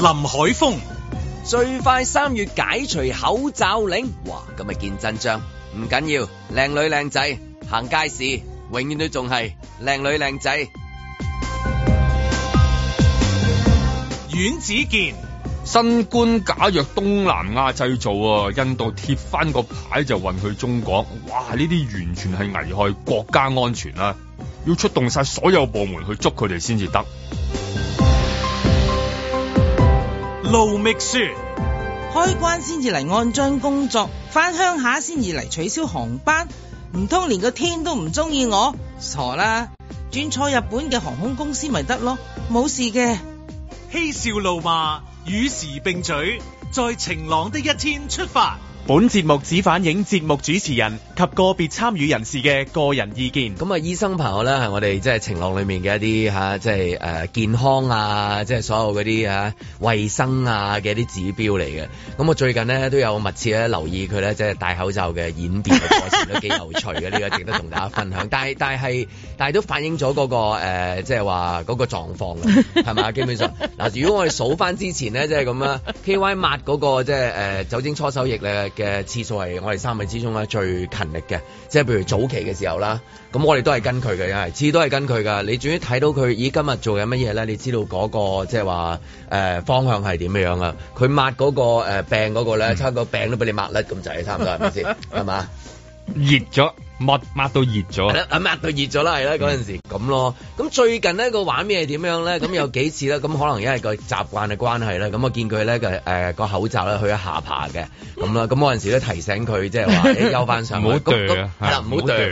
林海峰最快三月解除口罩令，哇！今日見真章，唔緊要，靚女靚仔行街市，永遠都仲係靚女靚仔。阮子健，新冠假藥東南亞製造啊，印度貼翻個牌就運去中國，哇！呢啲完全係危害國家安全啊，要出動晒所有部門去捉佢哋先至得。路密熟，開關先至嚟按章工作，返鄉下先至嚟取消航班，唔通連個天都唔中意我？傻啦，轉錯日本嘅航空公司咪得咯，冇事嘅。嬉笑怒罵，與時並舉，在晴朗的一天出發。本節目只反映節目主持人及個別參與人士嘅個人意見。咁啊，醫生朋友咧係我哋即係晴朗裏面嘅一啲吓、啊，即係誒、呃、健康啊，即係所有嗰啲啊，衛生啊嘅一啲指標嚟嘅。咁我最近呢，都有密切咧留意佢咧，即係戴口罩嘅演變嘅過程都幾有趣嘅。呢 個值得同大家分享。但係但係但係都反映咗嗰、那個誒、呃，即係話嗰個狀況啊，係咪啊？ 基本上嗱，如果我哋數翻之前呢，即係咁啊 K Y 抹嗰、那個即係誒、呃、酒精搓手液咧。嘅次數係我哋三位之中咧最勤力嘅，即係譬如早期嘅時候啦，咁我哋都係跟佢嘅，次次都係跟佢噶。你總之睇到佢，咦今日做緊乜嘢咧？你知道嗰個即係話誒方向係點樣啊？佢抹嗰個、呃、病嗰個咧，差個病都俾你抹甩咁滯，差唔多係咪先？係嘛？ 熱咗。抹抹到熱咗，係啦，抹到熱咗啦，係啦，嗰陣時咁、嗯、咯。咁最近咧個畫面係點樣咧？咁有幾次啦，咁 可能因為個習慣嘅關係啦。咁我見佢咧嘅誒個口罩咧，佢喺下巴嘅咁啦。咁嗰陣時咧提醒佢即係話，就是、你收翻上，唔好唔那的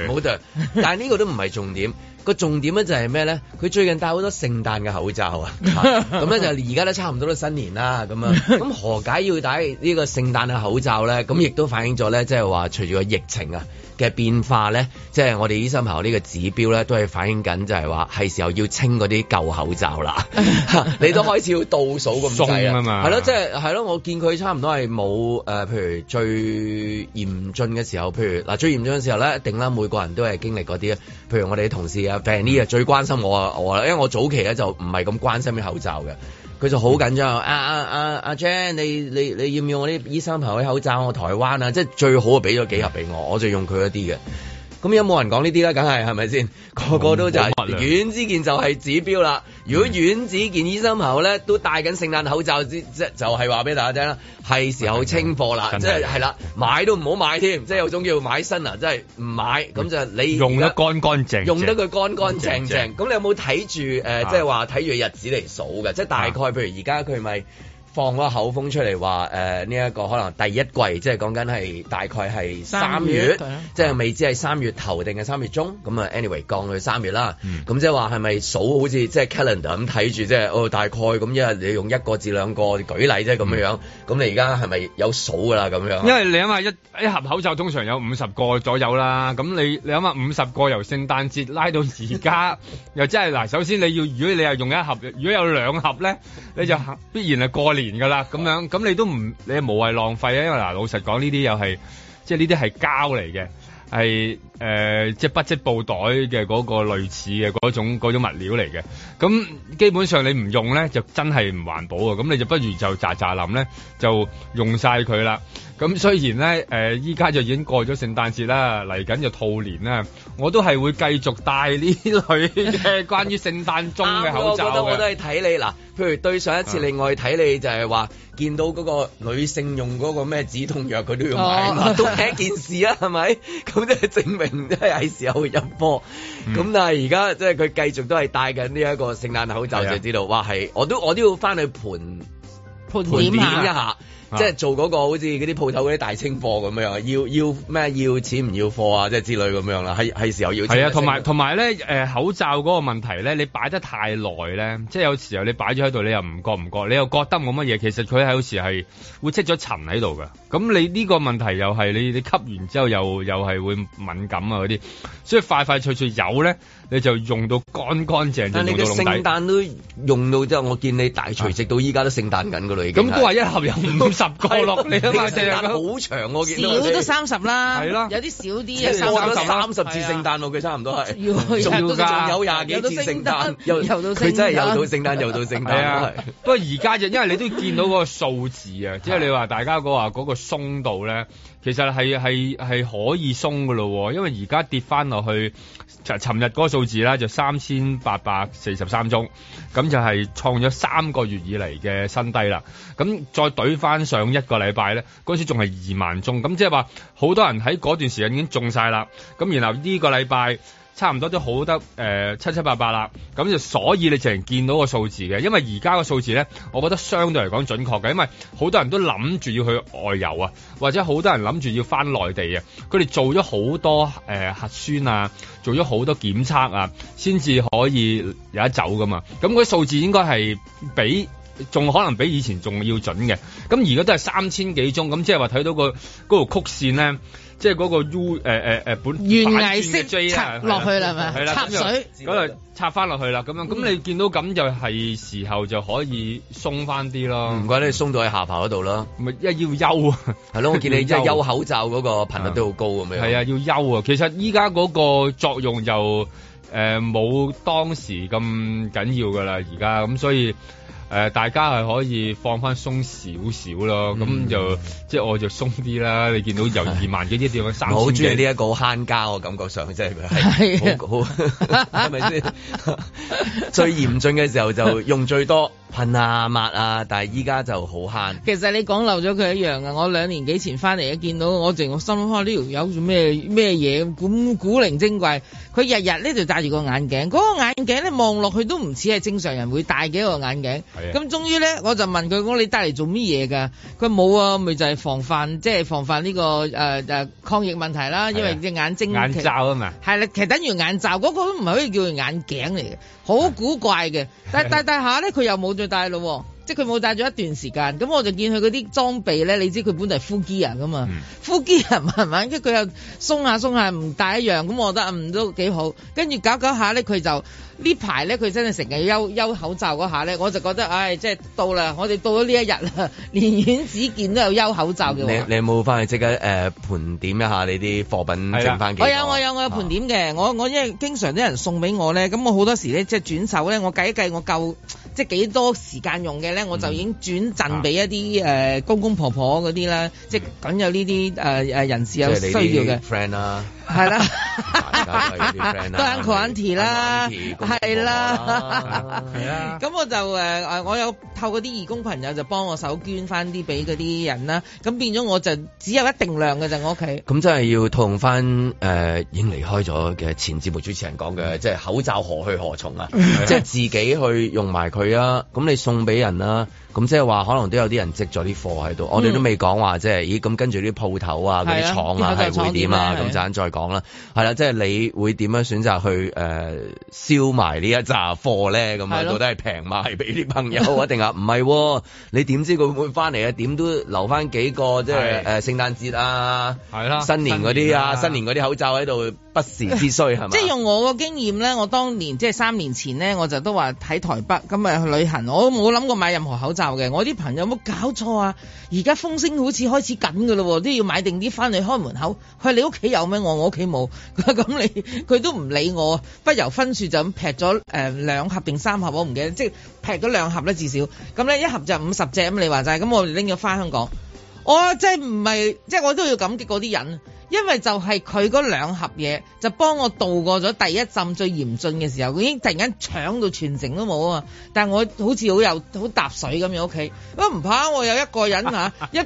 好墊，但係呢個都唔係重點，個重點咧就係咩咧？佢最近戴好多聖誕嘅口罩啊！咁咧 就而家都差唔多都新年啦。咁啊，咁何解要戴呢個聖誕嘅口罩咧？咁亦都反映咗咧，即係話隨住個疫情啊。嘅變化咧，即係我哋醫生朋友呢個指標咧，都係反映緊，就係話係時候要清嗰啲舊口罩啦。 你都開始要倒數咁計係咯，即係係咯，我見佢差唔多係冇誒，譬如最嚴峻嘅時候，譬如嗱最嚴峻嘅時候咧，一定啦每個人都係經歷嗰啲，譬如我哋同事啊、嗯、Vanny 啊最關心我啊我啦，因為我早期咧就唔係咁關心啲口罩嘅。佢就好緊張啊！啊啊阿 Jane 你你你要唔要我啲醫生朋友嘅口罩？我台灣啊，即係最好啊，俾咗幾盒俾我，我就用佢一啲嘅。咁有冇人講呢啲咧？梗係係咪先？個個都就係遠之見就係指標啦。如果院子健醫生袍呢都戴緊聖誕口罩，即就係話俾大家聽啦，係時候清貨啦，即係係啦，買都唔好買添，即係 有種叫買新啊，即係唔買咁，就你用得乾乾淨淨，用得佢乾乾淨淨。咁你有冇睇住誒，即係話睇住日子嚟數嘅？即係大概譬如而家佢咪？放個口風出嚟話誒呢一個可能第一季即係講緊係大概係三月，啊，即係未知係三月頭定係三月中。咁啊，anyway，降去三月啦。咁、嗯嗯、即係話係咪數好似即係 calendar 咁睇住，即係哦大概咁。一係你用一個至兩個舉例，即係咁樣，咁你而家係咪有數㗎啦？咁樣因為你諗下一一盒口罩通常有五十個左右啦。咁你你諗下五十個由聖誕節拉到而家， 又真係嗱。首先你要如果你係用一盒，如果有兩盒咧，你就必然係過年。嘅啦，咁樣咁你都唔你無謂浪費啊，因為嗱，老實講呢啲又係即係呢啲係膠嚟嘅，係。誒、呃，即係不織布袋嘅嗰個類似嘅嗰、那個、種嗰種物料嚟嘅，咁基本上你唔用咧，就真係唔環保啊！咁你就不如就扎扎林咧，就用晒佢啦。咁雖然咧，誒、呃，依家就已經過咗聖誕節啦，嚟緊就兔年啦，我都係會繼續戴呢類嘅關於聖誕鐘嘅口罩 我，覺得我都係睇你嗱，譬如對上一次，另外睇你就係話、啊、見到嗰個女性用嗰個咩止痛藥，佢都用買都係一件事啊，係 咪？咁即係證明。即係係時候會入波，咁、嗯、但係而家即係佢繼續都係戴緊呢一個聖誕口罩，是的 就知道哇係，我都我都要翻去盤盤點一下。即係做嗰個好似嗰啲鋪頭嗰啲大清貨咁樣，要要咩要錢唔要貨啊？即係之類咁樣啦，係係時候要清清。係啊，同埋同埋咧，誒口罩嗰個問題咧，你擺得太耐咧，即係有時候你擺咗喺度，你又唔覺唔覺，你又覺得冇乜嘢，其實佢係有時係會積咗塵喺度嘅。咁你呢個問題又係你你吸完之後又又係會敏感啊嗰啲，所以快快脆脆有咧，你就用到乾乾淨淨。你個聖誕都用到之後，我見你大除夕到依家都聖誕緊㗎喇。咁都係一盒有十個咯，你都話聖誕好長，我記少都三十啦，有啲少啲啊。三十至聖誕咯，佢差唔多係要要噶，仲有廿幾度。聖誕又到，佢真係又到聖誕，又到聖誕啊。不過而家就因為你都見到 𠮶 個數字啊，即係你話大家個話個鬆度咧。其實係係係可以鬆嘅咯，因為而家跌翻落去，就尋日嗰個數字啦，就三千八百四十三宗，咁就係創咗三個月以嚟嘅新低啦。咁再對翻上一個禮拜咧，嗰時仲係二萬宗，咁即係話好多人喺嗰段時間已經中晒啦。咁然後呢個禮拜。差唔多都好得誒、呃、七七八八啦，咁就所以你淨係見到個數字嘅。因為而家個數字咧，我覺得相對嚟講準確嘅，因為好多人都諗住要去外遊啊，或者好多人諗住要翻內地啊，佢哋做咗好多、呃、核酸啊，做咗好多檢測啊，先至可以有得走噶嘛，咁佢啲數字應該係比。仲可能比以前仲要準嘅，咁而家都係三千幾宗，咁即係話睇到個嗰條曲線咧，即係嗰個 U 誒誒誒本原顏式插落去啦，係咪？插水嗰度插翻落去啦，咁樣咁、嗯、你見到咁就係時候就可以鬆翻啲咯，唔怪得你鬆到喺下巴嗰度啦，咪一要休啊，係咯， 我見你即係休口罩嗰個頻率都好高咁樣、啊、咪？係啊，要休啊，其實依家嗰個作用就呃、冇當時咁緊要噶啦，而家咁所以。誒、呃，大家係可以放翻鬆少少咯，咁、mm hmm. 就即係我就鬆啲啦。你見到由二萬幾啲點樣三，好鍾意呢一個慳家，我感覺上即係係好好，係咪先？最嚴峻嘅時候就用最多。噴啊、抹啊，但係依家就好慳。其實你講漏咗佢一樣啊！我兩年幾前翻嚟一見到我淨係心諗，哇呢條友做咩咩嘢咁古靈精怪。佢日日咧就戴住、那個眼鏡，嗰個眼鏡咧望落去都唔似係正常人會戴嘅個眼鏡。係啊的。咁終於咧，我就問佢：我你戴嚟做乜嘢噶？佢冇啊，咪就係、是、防範，即、就、係、是、防範呢、這個誒誒、呃、抗疫問題啦。因為只眼睛眼罩啊嘛。係啦的，其實等於眼罩，嗰、那個都唔係可以叫佢眼鏡嚟嘅。好古怪嘅， 但但但下咧，佢又冇再戴咯。即佢冇戴咗一段時間，咁我就見佢嗰啲裝備咧，你知佢本嚟係呼吸器㗎嘛？呼吸器慢慢跟佢又鬆下鬆下唔戴一樣，咁我覺得都幾好。跟住搞搞下咧，佢就呢排咧佢真係成日休休口罩嗰下咧，我就覺得唉、哎，即係到啦，我哋到咗呢一日啦，連丸子健都有休口罩嘅。你你有冇翻去即刻誒盤點一下你啲貨品剩翻幾多的？我有我有我有盤點嘅，啊、我我因為經常啲人送俾我咧，咁我好多時咧即係轉手咧，我計一計我夠即係幾多時間用嘅我就已經轉贈俾一啲誒公公婆婆嗰啲啦，嗯啊、即係咁有呢啲誒誒人士有需要嘅 friend 啊。係啦 g r a 啦，係啦，係啊。咁我就誒誒，我有透過啲義工朋友就幫我手捐翻啲俾嗰啲人啦。咁變咗我就只有一定量嘅就我屋企。咁真係要套用翻誒，已經離開咗嘅前節目主持人講嘅，即係口罩何去何從啊？即係自己去用埋佢啊！咁你送俾人啦，咁即係話可能都有啲人積咗啲貨喺度。我哋都未講話，即係咦咁跟住啲鋪頭啊，嗰啲廠啊係會點啊？咁陣再講。講啦，係啦，即係你會點樣選擇去誒燒埋呢一扎貨咧？咁啊的到底係平賣俾啲朋友啊定啊？唔係喎，你點知佢會唔會翻嚟啊？點都留翻幾個，即係誒聖誕節啊，係啦的，新年嗰啲啊，新年嗰、啊、啲口罩喺度不時之需係咪？即係用我個經驗咧，我當年即係三年前咧，我就都話喺台北咁咪去旅行，我冇諗過買任何口罩嘅。我啲朋友冇搞錯啊，而家風聲好似開始緊噶喎，都要買定啲翻去開門口。佢你屋企有咩我我？屋企冇，咁你佢都唔理我，不由分說就咁劈咗誒兩盒定三盒我唔記得，即係劈咗兩盒咧至少，咁咧一盒就五十隻，咁你話齋，咁我拎咗翻香港，我即係唔係，即係我都要感激嗰啲人，因為就係佢嗰兩盒嘢，就幫我度過咗第一浸最嚴峻嘅時候，佢已經突然間搶到全城都冇，啊，但係我好似好有好踏水咁樣屋企，唔怕我有一個人吓， 一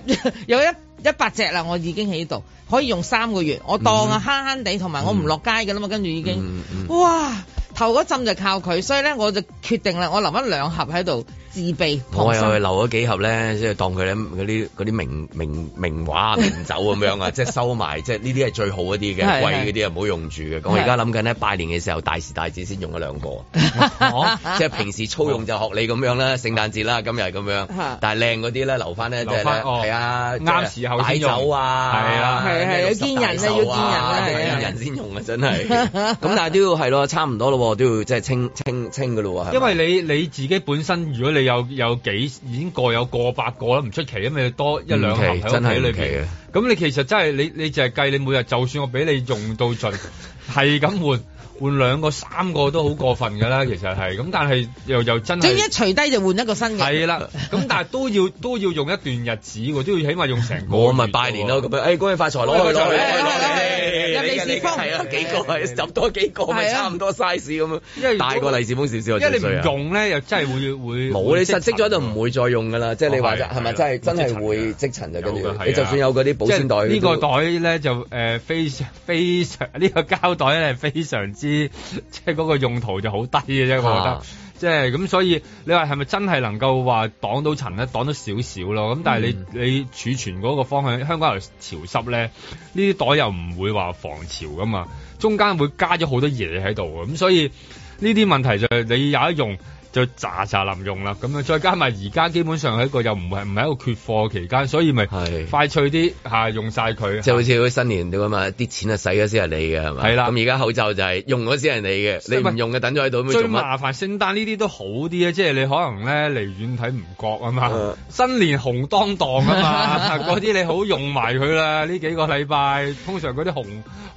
有一。一百隻啦，我已經喺度可以用三個月，我當啊慳慳地，同埋、嗯、我唔落街㗎啦嘛，跟住已經，嗯、哇！頭嗰陣就靠佢，所以咧我就決定啦，我留一兩盒喺度。自卑，我又留咗幾盒咧，即係當佢啲嗰啲名名名畫名酒咁樣啊，即係收埋，即係呢啲係最好嗰啲嘅，貴嗰啲啊唔好用住嘅。咁我而家諗緊咧，拜年嘅時候大時大節先用一兩個，即係平時粗用就學你咁樣啦，聖誕節啦，今日係咁樣。但係靚嗰啲咧留翻咧，係啊，啱時候先用啊，係啊，係係要見人啊，要見人啊，要見人先用啊，真係。咁但係都要係咯，差唔多咯，都要即係清清清嘅咯，係。因為你你自己本身，如果你有有幾已經過，有過百個啦，唔出奇啊！咪多一奇兩盒喺屋企裏邊。咁你其實真係你你淨係計你每日，就算我俾你用到盡。 係咁換換兩個三個都好過分㗎啦，其實係咁，但係又又真係一除低就換一個新嘅。係啦，咁但係都要都要用一段日子，都要起碼用成。我咪拜年咯咁樣，誒恭喜發財攞去攞去攞去。利是封係啊，幾個執多幾個，係啊，差唔多 size 咁因為大過利是封少少，因為你唔用咧，又真係會會冇。你實積咗就唔會再用㗎啦，即係你話啫，係咪真係真係會積塵就跟住。你就算有嗰啲保鮮袋，即呢個袋咧就誒非常非常呢個膠袋。袋咧係非常之，即係嗰個用途就好低嘅啫，我覺得。即係咁，所以你話係咪真係能夠話擋到塵咧？擋到少少咯。咁但係你、嗯、你儲存嗰個方向，香港又潮濕咧，呢啲袋又唔會話防潮噶嘛。中間會加咗好多嘢喺度啊。咁所以呢啲問題就係你有一用。就雜雜冧用啦，咁啊，再加埋而家基本上係一個又唔係唔係一個缺貨期間，所以咪快脆啲吓用晒佢是。就好似嗰新年咁啊，啲錢啊使咗先係你嘅係嘛。係啦的，咁而家口罩就係用咗先係你嘅，的你唔用嘅的等咗喺度。最麻煩聖誕呢啲都好啲啊，即係你可能咧離遠睇唔覺啊嘛。呃、新年紅當當啊嘛，嗰啲 你好用埋佢啦。呢幾個禮拜通常嗰啲紅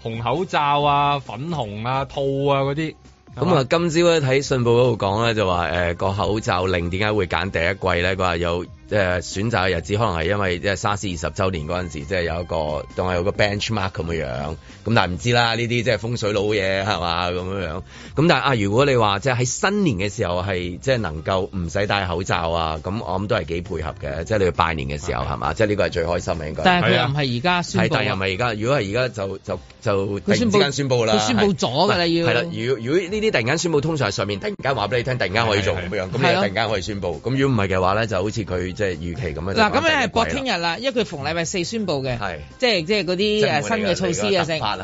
紅口罩啊、粉紅啊、套啊嗰啲。咁啊，今朝咧喺信報嗰度講咧就話，誒、呃、個口罩令點解會揀第一季咧？佢話有。即係選擇嘅日子，可能係因為即係沙士二十週年嗰陣時，即係有一個當係有個 bench mark 咁嘅樣。咁但係唔知啦，呢啲即係風水佬嘢係嘛咁嘅樣。咁但係啊，如果你話即係喺新年嘅時候係即係能夠唔使戴口罩啊，咁我諗都係幾配合嘅，就是。即係你要拜年嘅時候係嘛？即係呢個係最開心嘅應該。但係佢又唔係而家宣佈。但係又唔係而家。如果係而家就就就突然間宣佈啦。佢宣佈咗㗎啦要。係啦，如果如果呢啲突然間宣佈，通常上面突然間話俾你聽，突然間可以做咁是的 樣，咁是的 你突然間可以宣佈。咁是的 如果唔係嘅話咧，就好似佢。即係預期咁樣，嗱、啊，咁樣係搏聽日啦，因為佢逢禮拜四宣布嘅是，即係即係嗰啲誒新嘅措施啊，剩係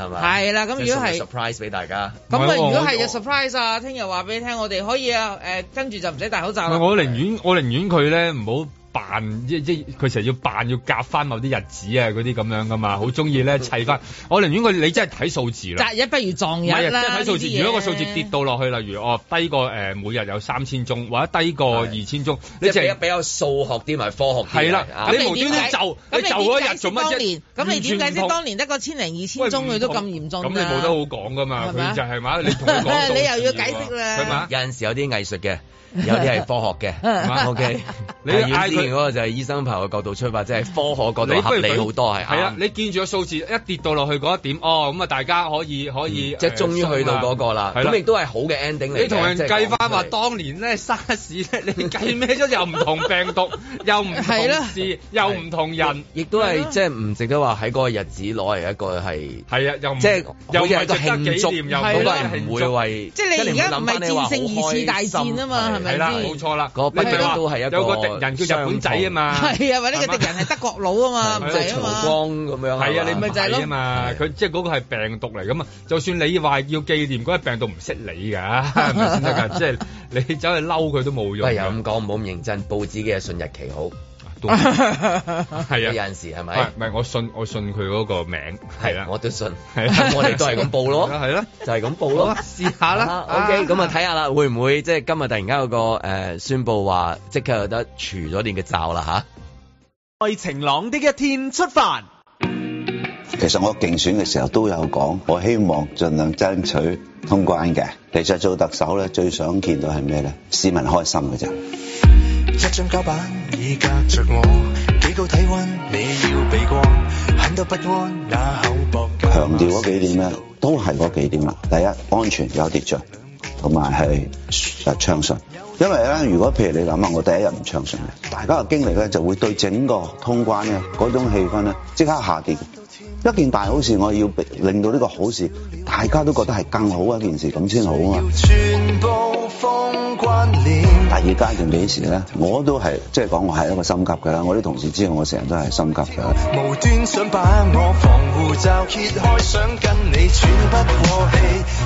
啦。咁如果係 surprise 俾大家，咁是啊，如果係有 surprise 啊，聽日話俾你聽，我哋可以啊誒、呃、跟住就唔使戴口罩。我寧願我寧願佢咧唔好。扮即即佢成日要扮要隔翻某啲日子啊嗰啲咁樣噶嘛，好中意咧砌翻。我寧願佢你真係睇數字啦，擇日不如撞日啦。睇數字，如果個數字跌到落去，例如哦低過誒每日有三千宗，或者低過二千宗，你即係比較數學啲，咪科學。係啦，你無端端就咁就嗰日做乜啫？咁你點解釋當年？咁你點解釋當年得個千零二千宗佢都咁嚴重？咁你冇得好講噶嘛？佢就係嘛？你同佢講你又要解釋啦？有陣時有啲藝術嘅。有啲係科學嘅，OK。你要之前嗰個就係醫生朋友嘅角度出發，即係科學角度合理好多係。係啦，你見住個數字一跌到落去嗰一點，哦咁啊，大家可以可以，即係終於去到嗰個啦。咁亦都係好嘅 ending 嚟。你同人計返話，當年咧沙士咧，你計咩咗？又唔同病毒，又唔同事，又唔同人，亦都係即係唔值得話喺嗰個日子攞嚟一個係。即係好似係個慶祝，好多人都唔會為。即係你而家唔係戰勝二係啦，冇錯啦，嗰都係度係有個敵人叫日本仔啊嘛，係啊，或呢個敵人係德國佬啊嘛，唔係啊，曹光咁樣，係啊，你咪仔？係嘛佢即係嗰個係病毒嚟㗎嘛。就算你話要紀念嗰個病毒唔識你㗎，係咪先得㗎？即係你走去嬲佢都冇用。唔係咁講，唔好咁認真。報紙嘅信日期好。係啊，有陣時係咪？唔係我信，我信佢嗰個名係啦，是的我都信，咁的我哋都係咁報咯，係咯，就係咁報咯， 報咯試下啦。 OK，咁啊睇下啦，會唔會即係今日突然間有個誒宣佈話即刻有得除咗你嘅罩啦嚇？在晴朗的一天出發。其實我競選嘅時候都有講，我希望盡量爭取通關嘅。你再做，做特首咧，最想見到係咩咧？市民開心嘅啫。強調嗰幾點咧，都係嗰幾點啦。第一，安全有秩序，同埋係誒暢順。因為咧，如果譬如你諗下，我第一日唔暢順嘅，大家嘅經歷咧就會對整個通關呢嗰種氣氛咧即刻下跌。一件大好事，我要令到呢個好事大家都覺得係更好一件事咁先好啊。第二階段幾時咧？我都係即係講我係一個心急嘅啦。我啲同事知道我成日都係心急嘅。無端想把我防護罩揭開，想跟你喘不過氣，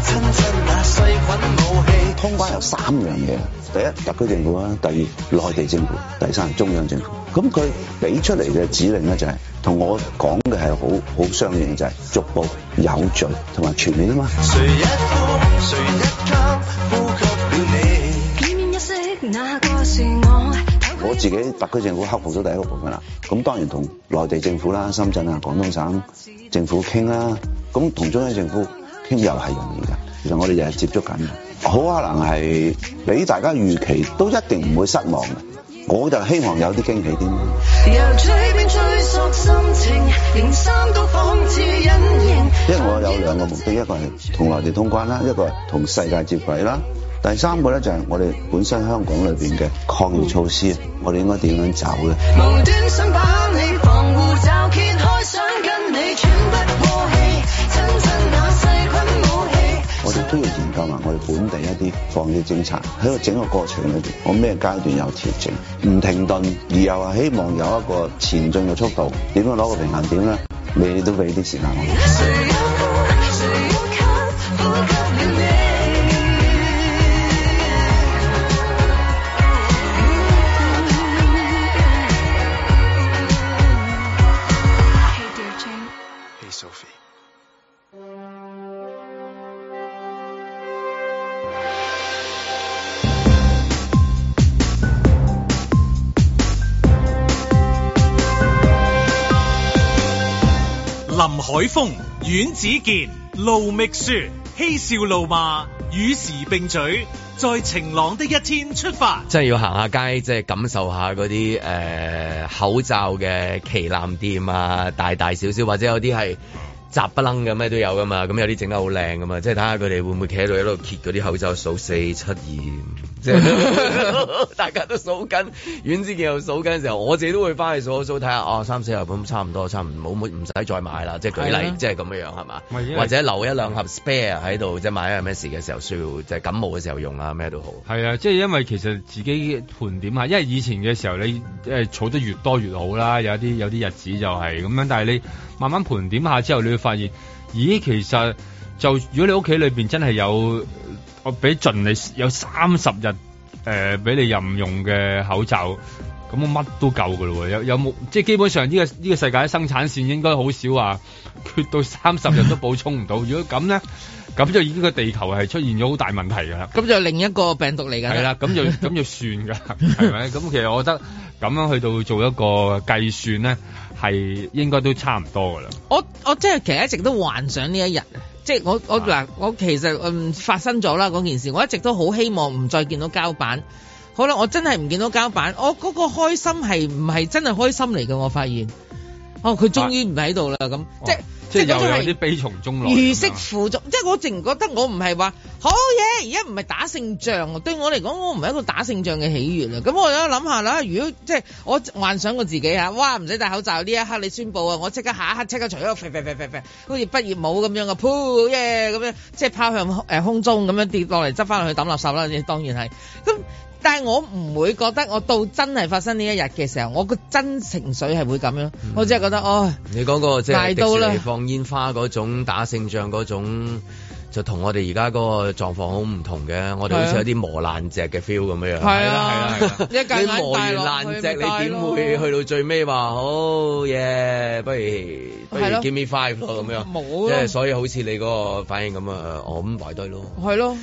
親親那細菌武器。通關有三樣嘢，第一特區政府啦，第二內地政府，第三中央政府。咁佢俾出嚟嘅指令咧，就係同我講嘅係好好相應嘅，就係逐步有序同埋全面啊嘛。我自己特區政府克服咗第一個部分啦，咁當然同內地政府啦、深圳啊、廣東省政府傾啦，咁同中央政府傾又係容易噶。其實我哋日日接觸緊，好可能係俾大家預期，都一定唔會失望嘅。我就希望有啲驚喜啲。因為我有兩個目的，一個係同內地通關啦，一個係同世界接軌啦。第三個咧就係我哋本身香港裏邊嘅抗疫措施，我哋應該點樣走咧？我哋都要研究埋我哋本地一啲防疫政策。喺個整個過程裏邊，我咩階段有調整，唔停頓，而又係希望有一個前進嘅速度，點樣攞個平衡點咧？你都俾啲時間我。風阮子健盧覓雪嬉笑怒罵與時並嘴，在晴朗的一天出發。即係要行下街，即係感受下嗰啲誒口罩嘅旗艦店啊，大大小小或者有啲係雜不楞嘅咩都有噶嘛。咁有啲整得好靚噶嘛，即係睇下佢哋會唔會企喺度喺度揭嗰啲口罩數四七二。 大家都數緊，遠之健又數緊嘅時候，我自己都會翻去數一數，睇下哦，三四廿本差唔多，差唔冇唔使再買啦。即係舉例，即係咁樣樣係嘛？或者留一兩盒 spare 喺度，即係買咗咩事嘅時候需要，即係感冒嘅時候用啊，咩都好。係啊，即係因為其實自己盤點下，因為以前嘅時候你即係儲得越多越好啦。有啲有啲日子就係咁樣，但係你慢慢盤點下之後，你會發現，咦，其實就如果你屋企裏邊真係有。我俾盡你有三十日，誒、呃、俾你任用嘅口罩，咁我乜都夠噶咯喎！有有冇？即係基本上呢、呢個呢、呢個世界生產線應該好少話缺到三十日都補充唔到。 如果咁咧，咁就已經個地球係出現咗好大問題㗎啦！咁就另一個病毒嚟㗎。係啦，咁就咁就算㗎，係咪？ 咁其實我覺得咁樣去到做一個計算咧，係應該都差唔多㗎啦。我我即係其實一直都幻想呢一日即係我我嗱，我其實嗯，發生咗啦嗰件事，我一直都好希望唔再見到膠板。好啦，我真係唔見到膠板，我嗰個開心係唔係真係開心嚟嘅？我發現。哦，佢終於唔喺度啦，咁即即係有啲悲從中來，如釋負重。即係我淨覺得我唔係話好嘢，而家唔係打勝仗。對我嚟講，我唔係一個打勝仗嘅喜悅啦。咁我而家諗下啦，如果即係我幻想過自己吓，哇！唔使戴口罩呢一刻，你宣布啊，我即刻下一刻即刻除咗個肥肥肥肥肥，好似畢業帽咁樣嘅耶，o 咁樣，即係拋向誒空中咁樣跌落嚟，執翻落去抌垃圾啦。當然係咁。但係我唔會覺得，我到真係發生呢一日嘅時候，我個真情緒係會咁樣。我只係覺得，哦，你講個即係迪士尼放煙花嗰種打勝仗嗰種，就同我哋而家嗰個狀況好唔同嘅。我哋好似有啲磨爛隻嘅 feel 咁樣。係啦係啦，你磨完爛隻，你點會去到最尾話好嘢？不如不如 give me five 咯咁樣。冇咯，即係所以好似你嗰個反應咁啊，我咁埋堆咯。係咯。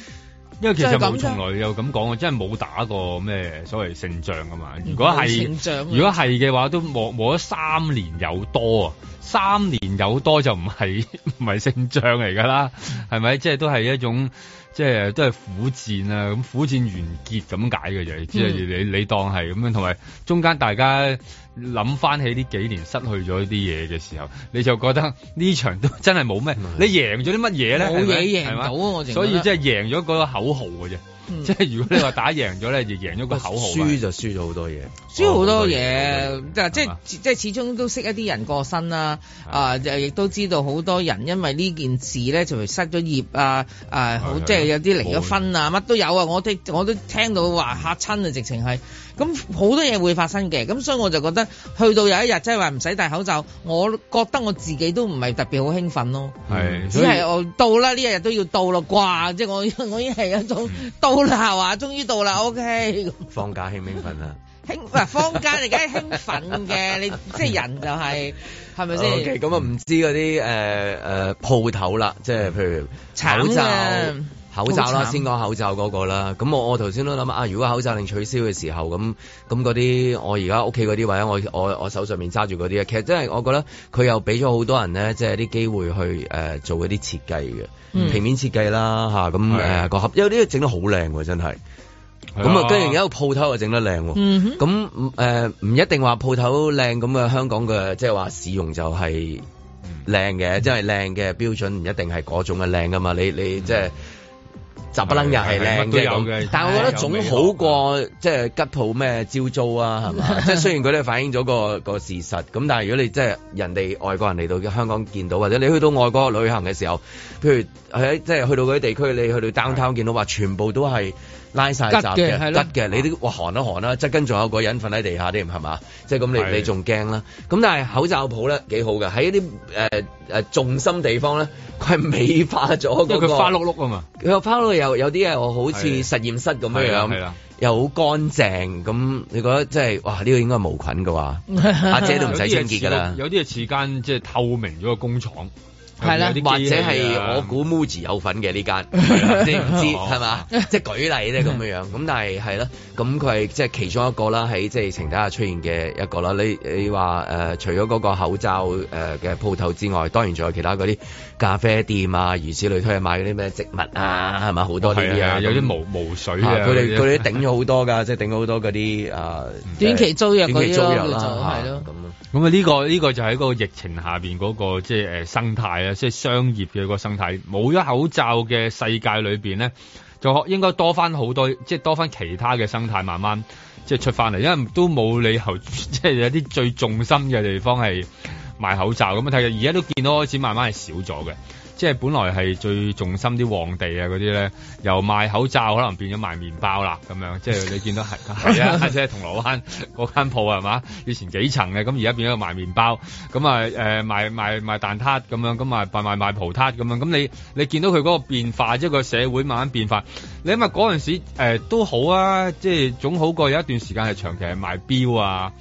因為其實冇從來有咁講過，真係冇打過咩所謂勝仗啊嘛！如果係如果係嘅話，都冇冇咗三年有多啊！三年有多就唔係唔係勝仗嚟㗎啦，係咪？即係都係一種即係都係苦戰啊！咁苦戰完結咁解嘅啫，只係你你當係咁樣，同埋中間大家。諗翻起呢幾年失去咗呢啲嘢嘅時候，你就覺得呢場都真係冇咩？你贏咗啲乜嘢咧？冇嘢贏到，我所以即係贏咗嗰個口號嘅啫。即係如果你話打贏咗咧，就贏咗個口號。輸就輸咗好多嘢，輸好多嘢。即係即係始終都識一啲人過身啦。啊，就亦都知道好多人因為呢件事咧，就失咗業啊啊！好即係有啲離咗婚啊，乜都有啊！我我都聽到話吓親啊，直情係。咁好多嘢會發生嘅，咁所以我就覺得去到有一日即係話唔使戴口罩，我覺得我自己都唔係特別好興奮咯。係，只係我到啦，呢一日都要到啦啩，即係、就是、我我已經係一種到啦，話、嗯、終於到啦，OK 放。放假興唔興奮呀？放假 你梗係興奮嘅，你即係人就係係咪先？OK，咁啊唔知嗰啲誒誒鋪頭啦，即係譬如炒的口罩啦，慘先講口罩嗰個啦。咁我我頭先都諗啊，如果口罩令取消嘅時候，咁咁嗰啲我而家屋企嗰啲位，我或者我我，我手上面揸住嗰啲啊，其實真係我覺得佢又俾咗好多人咧，即係啲機會去誒、呃、做嗰啲設計嘅、嗯、平面設計啦咁誒個盒，因為啲整得好靚喎，真係。咁啊的，跟住而家個鋪頭又整得靚喎。咁唔、嗯哼呃、一定話鋪頭靚咁嘅香港嘅，即係話市容就係靚嘅，即係靚嘅標準唔一定係嗰種嘅靚噶嘛。你你、嗯、即係。集不楞又係靚，嘅，但係我覺得總好過、哎、即係吉鋪咩招租啊，係嘛？即係雖然佢哋反映咗個個事實，咁但係如果你即係人哋外國人嚟到香港見到，或者你去到外國旅行嘅時候，譬如喺即係去到嗰啲地區，你去到 downtown 見到話，全部都係。拉晒閘嘅，得嘅，你啲哇寒啦寒啦，側跟仲有個人瞓喺地下添，係嘛？即係咁你的你仲驚啦？咁但係口罩鋪咧幾好嘅，喺啲誒重心地方咧，佢美化咗嗰、那個。佢花碌碌啊嘛，佢花碌碌有有啲嘢，我好似實驗室咁樣樣，又好乾淨，咁你覺得即、就、係、是、哇呢、這個應該無菌嘅話， 阿姐都唔使清潔㗎啦。有啲係時間即係透明咗個工廠。係啦，有有或者係我估 Muji 有份嘅呢間，即係唔知係嘛？即係舉例咧咁 樣樣咁但係，係啦，咁佢係即係其中一個啦，喺即係情底下出現嘅一個啦。你你話誒，除咗嗰個口罩誒嘅鋪頭之外，當然仲有其他嗰啲。咖啡店啊，如此類推，買嗰啲咩植物啊，係咪好多呢啲啊，那有啲無無水啊，佢哋佢哋頂咗好多噶，即係 頂咗好多嗰啲啊短期租約嗰啲啦，係咯咁。咁啊，呢個呢、那個這個就喺嗰個疫情下邊嗰、那個即係誒生態啊，即、就、係、是、商業嘅個生態，冇咗口罩嘅世界裏邊咧，就應該多翻好多，即、就、係、是、多翻其他嘅生態慢慢即係出翻嚟，因為都冇理由，即、就、係、是、有啲最重心嘅地方係。賣口罩咁樣睇，而家都見到開始慢慢係少咗嘅，即係本來係最重心啲旺地啊嗰啲咧，由賣口罩可能變咗賣麵包啦，咁樣即係你見到係係 啊，即係銅鑼灣嗰間鋪係嘛，以前幾層嘅，咁而家變咗賣麵包，咁啊誒賣賣賣，賣蛋撻咁樣、啊，咁啊賣賣賣葡撻咁樣、啊，咁你你見到佢嗰個變化，即係個社會慢慢變化。你諗下嗰陣時誒、呃、都好啊，即係總好過有一段時間係長期係賣錶啊。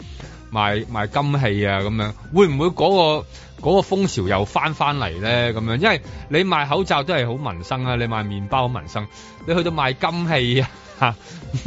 賣賣金器啊，咁樣會唔會嗰、那個嗰、那個風潮又翻翻嚟咧？咁樣，因為你賣口罩都係好民生啊，你賣麵包好民生，你去到賣金器啊，吓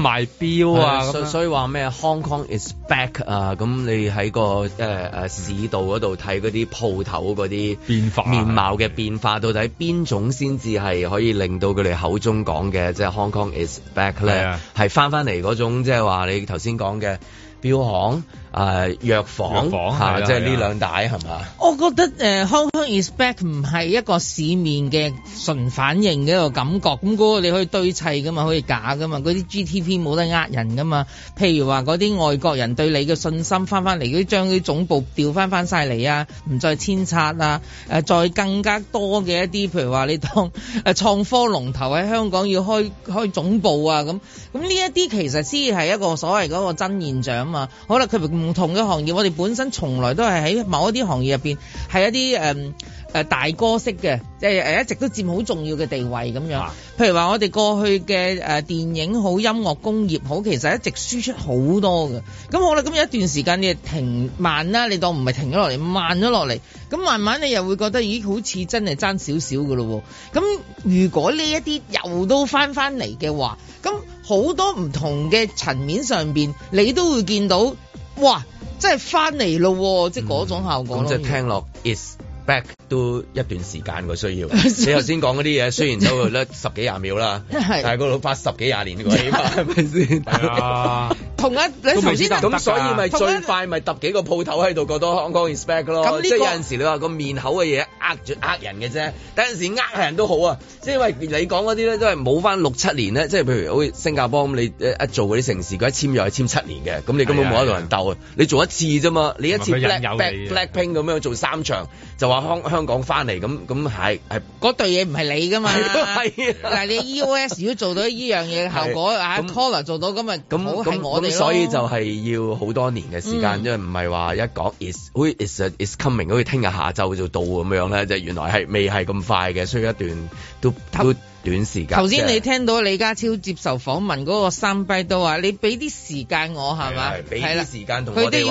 賣表啊，的樣所以話咩 Hong Kong is back 啊？咁你喺、那個誒誒、呃、市道嗰度睇嗰啲鋪頭嗰啲變化面貌嘅變化，的到底邊種先至係可以令到佢哋口中講嘅即係、就是、Hong Kong is back 咧？係翻翻嚟嗰種即係話你頭先講嘅表行？誒藥、啊、房嚇，即係呢兩大係嘛？的吧我覺得誒、呃、Hong Kong is back 唔係一個市面嘅純反應嘅一個感覺，咁、那、嗰個你可以堆砌噶嘛，可以假噶嘛，嗰啲 GTP 冇得呃人噶嘛。譬如話嗰啲外國人對你嘅信心翻翻嚟，嗰啲將啲總部調翻翻晒嚟啊，唔再遷冊啊，誒、啊、再更加多嘅一啲，譬如話你當誒創科龍頭喺香港要開開總部啊，咁咁呢一啲其實先係一個所謂嗰個真現象啊嘛。可能佢唔同嘅行業，我哋本身從來都係喺某一啲行業入邊，係一啲誒誒大哥式嘅，即係誒一直都佔好重要嘅地位咁樣。譬如話我哋過去嘅誒、呃、電影好，音樂工業好，其實一直輸出好多嘅。咁好啦，咁有一段時間你停慢啦，你當唔係停咗落嚟，慢咗落嚟。咁慢慢你又會覺得，咦，好似真係爭少少嘅咯。咁如果呢一啲又都翻翻嚟嘅話，咁好多唔同嘅層面上邊，你都會見到。哇！真係翻嚟咯，即係嗰種效果。咁即係聽落 is back 都一段時間嘅需要。 你頭先講嗰啲嘢，雖然都得十幾廿秒啦， 但係嗰度花十幾廿年嘅，起碼係咪先？同啊，你頭先咁所以咪最快咪揼幾個鋪頭喺度，覺得香港 respect 咯。咁、呢個、即係有陣時你話個面口嘅嘢呃住呃人嘅啫。但有陣時呃人都好啊。即係因為你講嗰啲咧都係冇翻六七年咧。即係譬如好似新加坡咁，你一做嗰啲城市嗰啲簽約係簽七年嘅。咁你根本冇得同人鬥啊。啊你做一次啫嘛。你一次 black, black, Blackpink 咁樣做三場，就話香香港翻嚟咁咁係係嗰對嘢唔係你㗎嘛。都係、 啊。但係你 EOS 如果做到依樣嘢效果，阿、啊、Collar 做到咁咪好喺我哋。所以就係要好多年嘅時間，嗯、因為唔係話一講 is is is coming 好似聽日下晝就到咁樣咧，就原來係未係咁快嘅，需要一段都都。短時間。頭先你聽到李家超接受訪問嗰個三拜都話：你俾啲時間我係咪？俾啲時間同我哋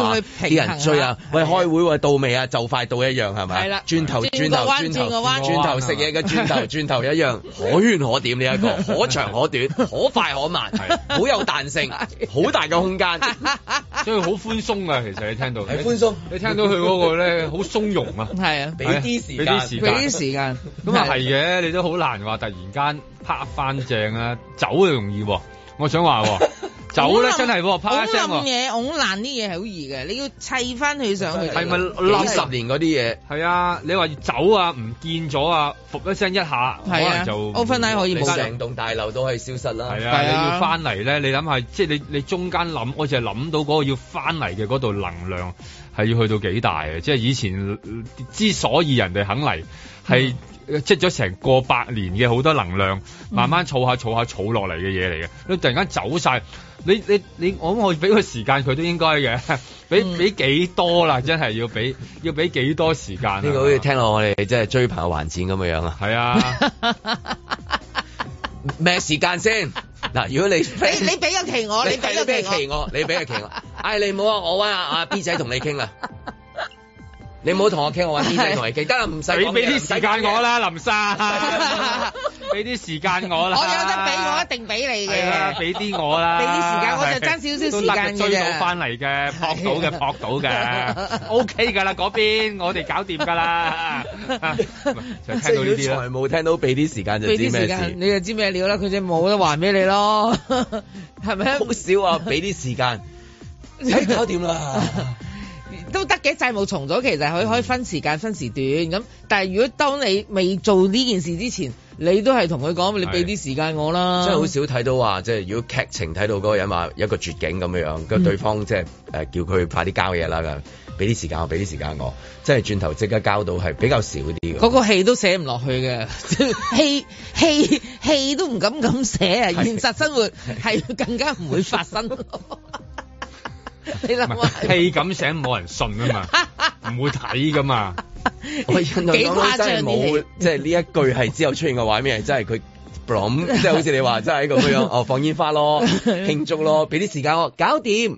去啲人追啊！喂，開會喎，到未啊？就快到一樣係咪？係啦。轉頭轉頭轉個彎轉頭食嘢嘅轉頭轉頭一樣，可圈可點呢一個，可長可短，可快可慢，好有彈性，好大嘅空間，所以好寬鬆啊！其實你聽到係寬鬆，你聽到佢嗰個咧好鬆鬆啊！係啊，俾啲時間，俾啲時間，俾啲時間。咁係嘅，你都好難話突然間。拍翻正啊！走就容易，啊，我想話，走咧真係啪、啊、一聲、啊。㧬嘢，㧬爛啲嘢係好易嘅，你要砌翻佢上去。係咪幾十年嗰啲嘢？係啊，你話要走啊，唔見咗啊，伏一聲一下，啊、可能就。offline 可以冇。兩棟大樓都係消失啦。係啊。但係，啊、你要翻嚟咧？你諗下，即、就、係、是、你你中間諗，我淨係諗到嗰個要翻嚟嘅嗰度能量係要去到幾大啊？即、就、係、是、以前之所以人哋肯嚟，係。嗯積咗成過百年嘅好多能量，慢慢儲下儲下儲落嚟嘅嘢嚟嘅，佢突然間走晒，你你你，我諗我俾佢時間佢都應該嘅，俾俾幾多啦，真係要俾要俾幾多時間？呢、嗯、呢個好似聽落我哋真係追朋友還錢咁嘅樣啊！係啊，咩時間先？嗱，如果你你你俾個期我，你俾咩期我，你俾個期我。哎，你唔好啊，我搵阿阿 B 仔同你傾啦。你唔好同我傾，我話啲天同你記，得啦，唔使你俾俾啲時間我啦，林生，俾啲時間我啦。我有得俾，我一定俾你嘅。俾啲我啦。俾啲時間我就爭少少時間嘅。追到翻嚟嘅，撲的到嘅，撲到嘅的，OK 㗎啦，嗰邊我哋搞掂㗎啦。 聽到呢啲，財冇聽到俾啲時間就知咩事時。你就知咩料啦，佢就冇得還俾你咯，係咪？好少啊，俾啲時間，你 搞掂啦。都得嘅，債務重組，其實佢可以分時間、分時段咁。嗯、但係如果當你未做呢件事之前，你都係同佢講，你俾啲時間我啦。即係好少睇到話，即係如果劇情睇到嗰個人話一個絕境咁樣，咁對方即係叫佢快啲交嘢啦，咁俾啲時間我，俾啲時間我，即係轉頭即刻交到係比較少啲嘅。嗰個戲都寫唔落去嘅，戲戲戲都唔敢咁寫啊！的現實生活係更加唔會發生。 你諗下，戲咁醒冇人信啊嘛，唔 會睇噶嘛。 我印象當中真係冇，即係呢一句係之後出現嘅畫面，咩 真係佢。嗯、即係好似你話，真係咁樣，哦放煙花咯，慶祝咯，俾啲時間我搞掂，係、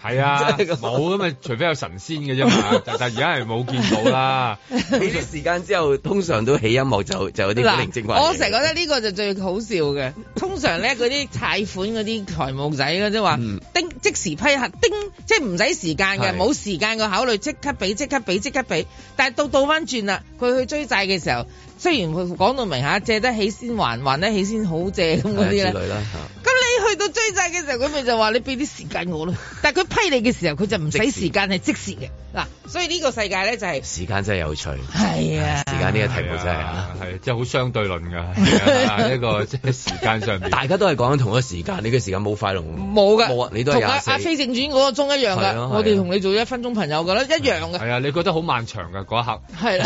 嗯、啊，冇咁咪除非有神仙嘅啫嘛， 但係而家係冇見到啦。俾啲時間之後，通常都起音樂就就啲古靈精怪嘅，我成日覺得呢個就最好笑嘅。 通常咧嗰啲貸款嗰啲財務仔即係話叮即時批核，叮即係唔使時間嘅，冇的時間嘅考慮，即刻俾即刻俾即刻俾。但係到倒翻轉啦，佢去追債嘅時候。雖然佢講到明吓，借得起先還，還得起先好借咁嗰啲啦。去到追債嘅時候，佢咪就話你俾啲時間我咯。但係佢批你嘅時候，佢就唔使時間係即時嘅嗱。所以呢個世界咧就係、是、時間真係有趣，係啊，時間呢個題目真係係即係好相對論噶呢個即係時間上， 大家都係講緊同一個時間，你、這、嘅、個、時間冇快龍冇嘅，冇啊的，你都係廿四。阿阿飛正傳嗰個鐘一樣噶，啊啊、我哋同你做一分鐘朋友噶啦，一樣嘅。係啊，啊，你覺得好漫長噶嗰一刻係啦，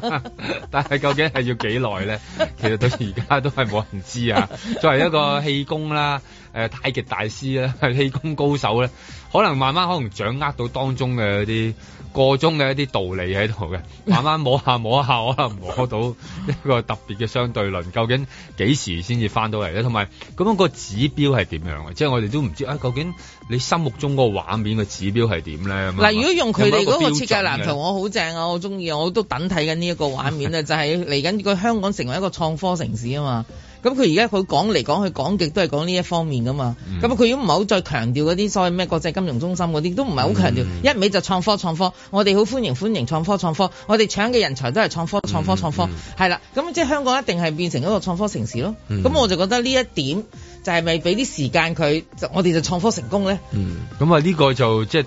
是啊、 但係究竟係要幾耐咧？ 其實到而家都係冇人知啊。作為一個氣功啦。誒、呃、太極大師咧，氣功高手咧，可能慢慢可能掌握到當中嘅一啲個中嘅一啲道理喺度嘅，慢慢摸一下摸一下， 可能摸到一個特別嘅相對論，究竟幾時先至翻到嚟咧？同埋咁樣個指標係點樣嘅？即係我哋都唔知啊，究竟你心目中嗰個畫面嘅指標係點咧？嗱，如果用佢哋嗰個設計藍圖，我好正啊，我中意啊，我都等睇緊呢一個畫面啊，就係嚟緊個香港成為一個創科城市啊嘛。咁佢而家佢講嚟講去講極都係講呢一方面噶嘛，咁佢要唔好再強調嗰啲所謂咩國際金融中心嗰啲，都唔係好強調，嗯、一味就創科創科，我哋好歡迎歡迎創科創科，我哋搶嘅人才都係創科創科創科，係啦、嗯，咁、嗯、即係香港一定係變成一個創科城市咯，咁、嗯、我就覺得呢一點就係咪俾啲時間佢，我哋就創科成功咧？嗯，咁啊呢個就即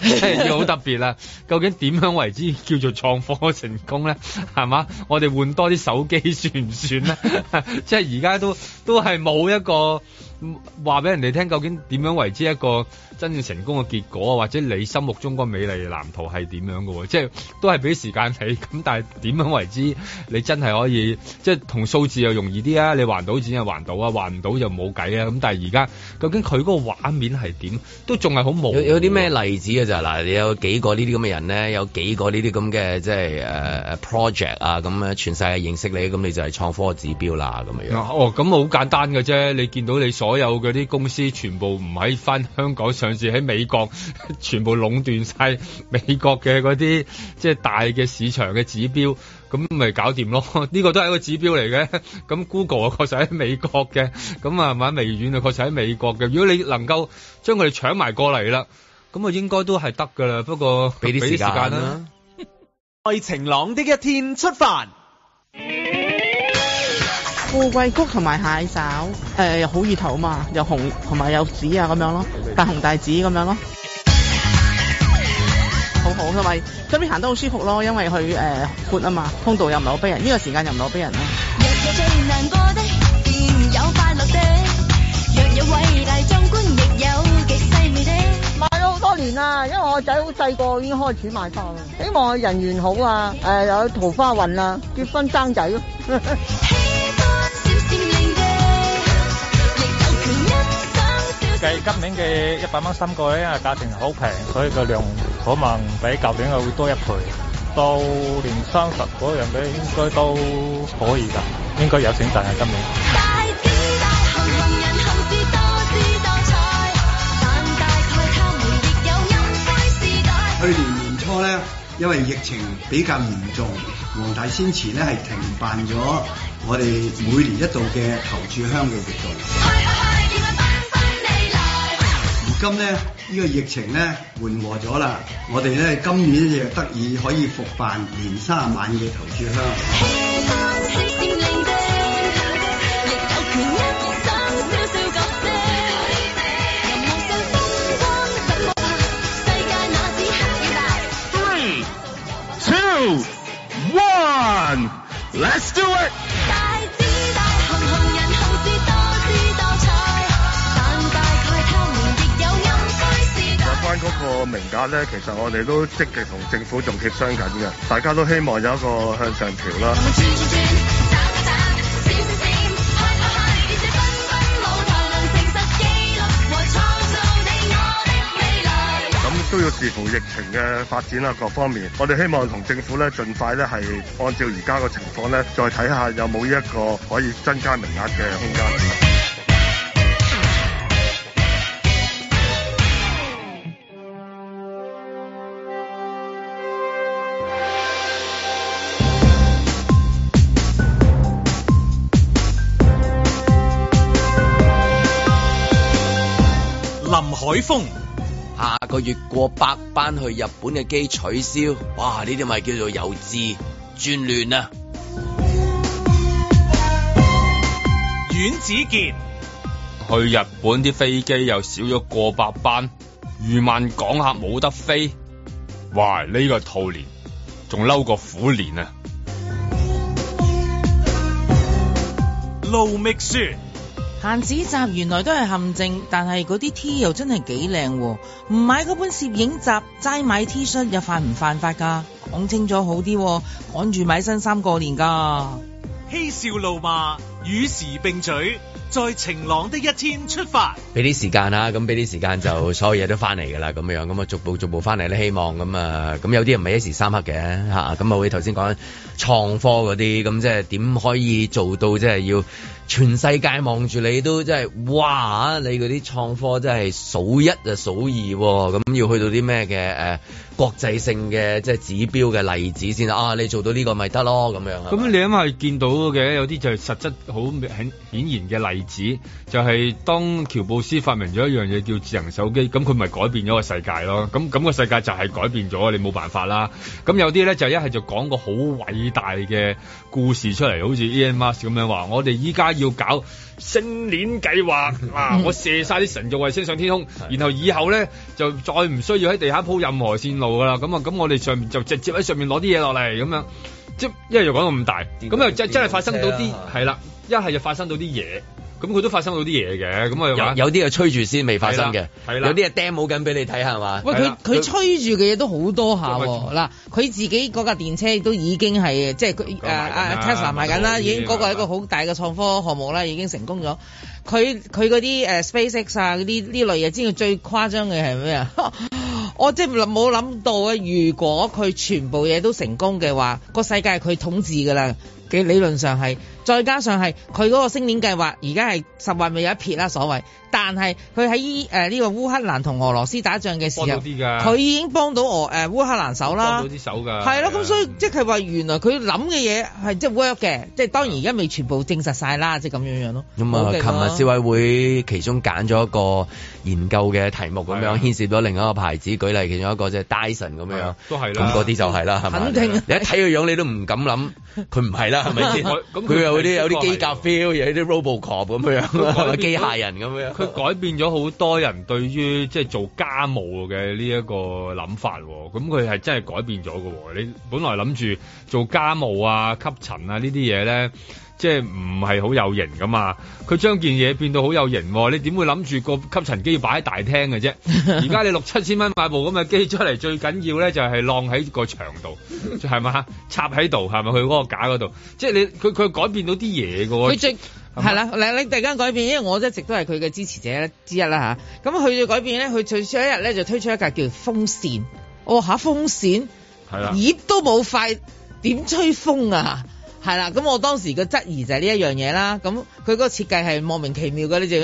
真係要好特別啦！究竟點樣為之叫做創科成功咧？係嘛？我哋換多啲手機算唔算咧？ 即係而家都都係冇一個話俾人哋聽，究竟點樣為之一個。真正成功嘅結果啊，或者你心目中個美麗藍圖係點樣嘅喎？即係都係俾時間你咁，但係點樣為之你真係可以即係同數字又容易啲啊？你還到錢就還到啊，還唔到就冇計啊！咁但係而家究竟佢嗰個畫面係點？都仲係好模糊。有有啲咩例子啊？就係、是、嗱，你有幾個呢啲呢啲咁嘅人咧，有幾個呢啲咁嘅即係誒 project 啊咁啊，全世界認識你咁，咁你就係創科指標啦咁樣哦。哦，咁好簡單嘅啫，你見到你所有嘅啲公司全部唔喺翻香港上。上次喺美國全部壟斷晒美國嘅嗰啲即係大嘅市場嘅指標，咁咪搞掂咯？呢、這個都係一個指標嚟嘅。咁 Google 啊，確實喺美國嘅；咁啊，買微軟啊，確實喺美國嘅。如果你能夠將佢哋搶埋過嚟啦，咁啊應該都係得噶啦。不過俾啲時間啦、啊。在晴朗的一天出發。 富貴菊同埋蟹爪，誒、呃、好意頭嘛，又紅同埋又紫啊咁樣咯，大紅大紫咁樣咯，很好好，因為今朝行得好舒服咯，因為佢誒闊啊嘛，通道又唔係好逼人，呢、這個時間又唔係好逼人咯。買咗好多年啦，因為我仔好細個已經開始買花啦。希望佢人緣好啊，誒、呃、有桃花運啊，結婚生仔咯、啊。 今年嘅一百蚊三個咧，因為價錢好平，所以個量可能比舊年嘅會多一倍。到年三十嗰樣嘅應該都可以㗎，應該有錢賺喺今年。去年年初咧，因為疫情比較嚴重，黃大仙祠咧係停辦咗我哋每年一度嘅頭炷香嘅活動。今呢，呢、這個疫情呢，緩和咗啦，我哋呢，今年亦得以可以復辦年卅晚嘅頭柱香。Three, two, 個名額咧，其實我哋都積極同政府仲協商緊嘅，大家都希望有一個向上調啦。咁都要視乎疫情嘅發展啊。各方面，我哋希望同政府咧，盡快咧係按照而家個情況咧，再睇下有冇一個可以增加名額嘅空間。海風，下個月過百班去日本嘅機取消，哇！呢啲咪叫做由治轉亂啊。阮子健，去日本啲飛機又少咗過百班，逾萬港客冇得飛，哇！呢、這個兔年仲嬲過虎年啊。路覓雪。閒子集原來都係陷阱，但係嗰啲 T 又真係幾靚喎！唔買嗰本攝影集，齋買 T 恤又犯唔犯法㗎？講清楚好啲喎，趕住買新衫過年㗎！嬉笑怒罵，與時並嘴，在晴朗的一天出發。俾啲時間啦，咁俾啲時間就所有嘢都翻嚟㗎啦，咁樣咁啊，逐步逐步翻嚟咧。希望咁啊，咁有啲人唔係一時三刻嘅吓，咁啊，好似頭先講創科嗰啲，咁即係點可以做到即係要？全世界望住你都真係，哇，你嗰啲創科真係數一就數二喎，咁要去到啲咩嘅誒國際性嘅即係指標嘅例子先啊？你做到呢個咪得咯咁樣啊？咁、嗯、吧你因為見到嘅有啲就係實質好顯然嘅例子，就係、是、當喬布斯發明咗一樣嘢叫智能手機，咁佢咪改變咗個世界咯？咁咁、那個世界就係改變咗，你冇辦法啦。咁有啲咧就一係就講個好偉大嘅故事出嚟，好似 Elon Musk 咁樣話，我哋依家。要搞星鏈計劃啊，我射晒啲神速衛星上天空，然後以後咧就再唔需要喺地下鋪任何線路噶啦，咁啊咁我哋上面就直接喺上面攞啲嘢落嚟咁樣。即一係就講到咁大，咁又真真係發生到啲係啦，一係就發生到啲嘢，咁佢都發生到啲嘢嘅，咁啊有啲係吹住先未發生嘅，有啲係 demo 緊俾你睇下係嘛？喂，佢佢吹住嘅嘢都好多下喎，嗱、嗯，佢、啊、自己嗰架電車都已經係即係佢啊啊，啊 Tesla 賣緊啦，已經嗰個係一個好大嘅創科項目啦，已經成功咗。佢佢嗰啲誒 SpaceX 啊啲呢類嘢知先最誇張嘅係咩啊？ 我真係冇諗到啊！如果佢全部嘢都成功嘅話，個世界係佢統治噶啦，嘅理論上係。再加上係佢嗰個星鏈計劃，而家係十劃未有一撇啦，所謂。但係佢喺依呢個烏克蘭同俄羅斯打仗嘅時候，佢已經幫到俄誒烏克蘭手啦。幫到啲手㗎。係咯，咁所以即係話原來佢諗嘅嘢係即 work 嘅，即係當然而家未全部證實晒啦，即係咁樣樣咯。咁啊，琴日消委會其中揀咗一個研究嘅題目咁樣，牽涉咗另一個牌子，舉例其中一個即係 Dyson 咁樣。都係啦。咁嗰啲就係啦，係咪？肯定。你一睇佢樣，你都唔敢諗佢唔係啦，係咪先？佢又。佢啲有啲機甲 feel 有啲 Robocop 咁樣樣，機 械人咁樣。佢改變咗好多人對於即係做家務嘅呢一個諗法喎、哦。咁佢係真係改變咗嘅喎。你本來諗住做家務啊、吸塵啊這些東西呢啲嘢咧。即係唔係好有型噶嘛？佢將件嘢變到好有型，你點會諗住個吸塵機要擺喺大廳嘅啫？而家 你六七千蚊買部咁嘅機出嚟，最緊要咧就係晾喺個牆度，係嘛？ 插喺度係咪？佢嗰個架嗰度，即係你佢佢改變到啲嘢嘅喎。佢最係吧啦，嗱你突然間改變，因為我一直都係佢嘅支持者之一啦吓，咁佢嘅改變咧，佢最初一日咧就推出一架叫風扇。哦吓、啊，風扇係啦，葉都冇塊，點吹風啊！係啦，咁我當時嘅質疑就係呢一樣嘢啦。咁佢個設計係莫名其妙嘅，你就一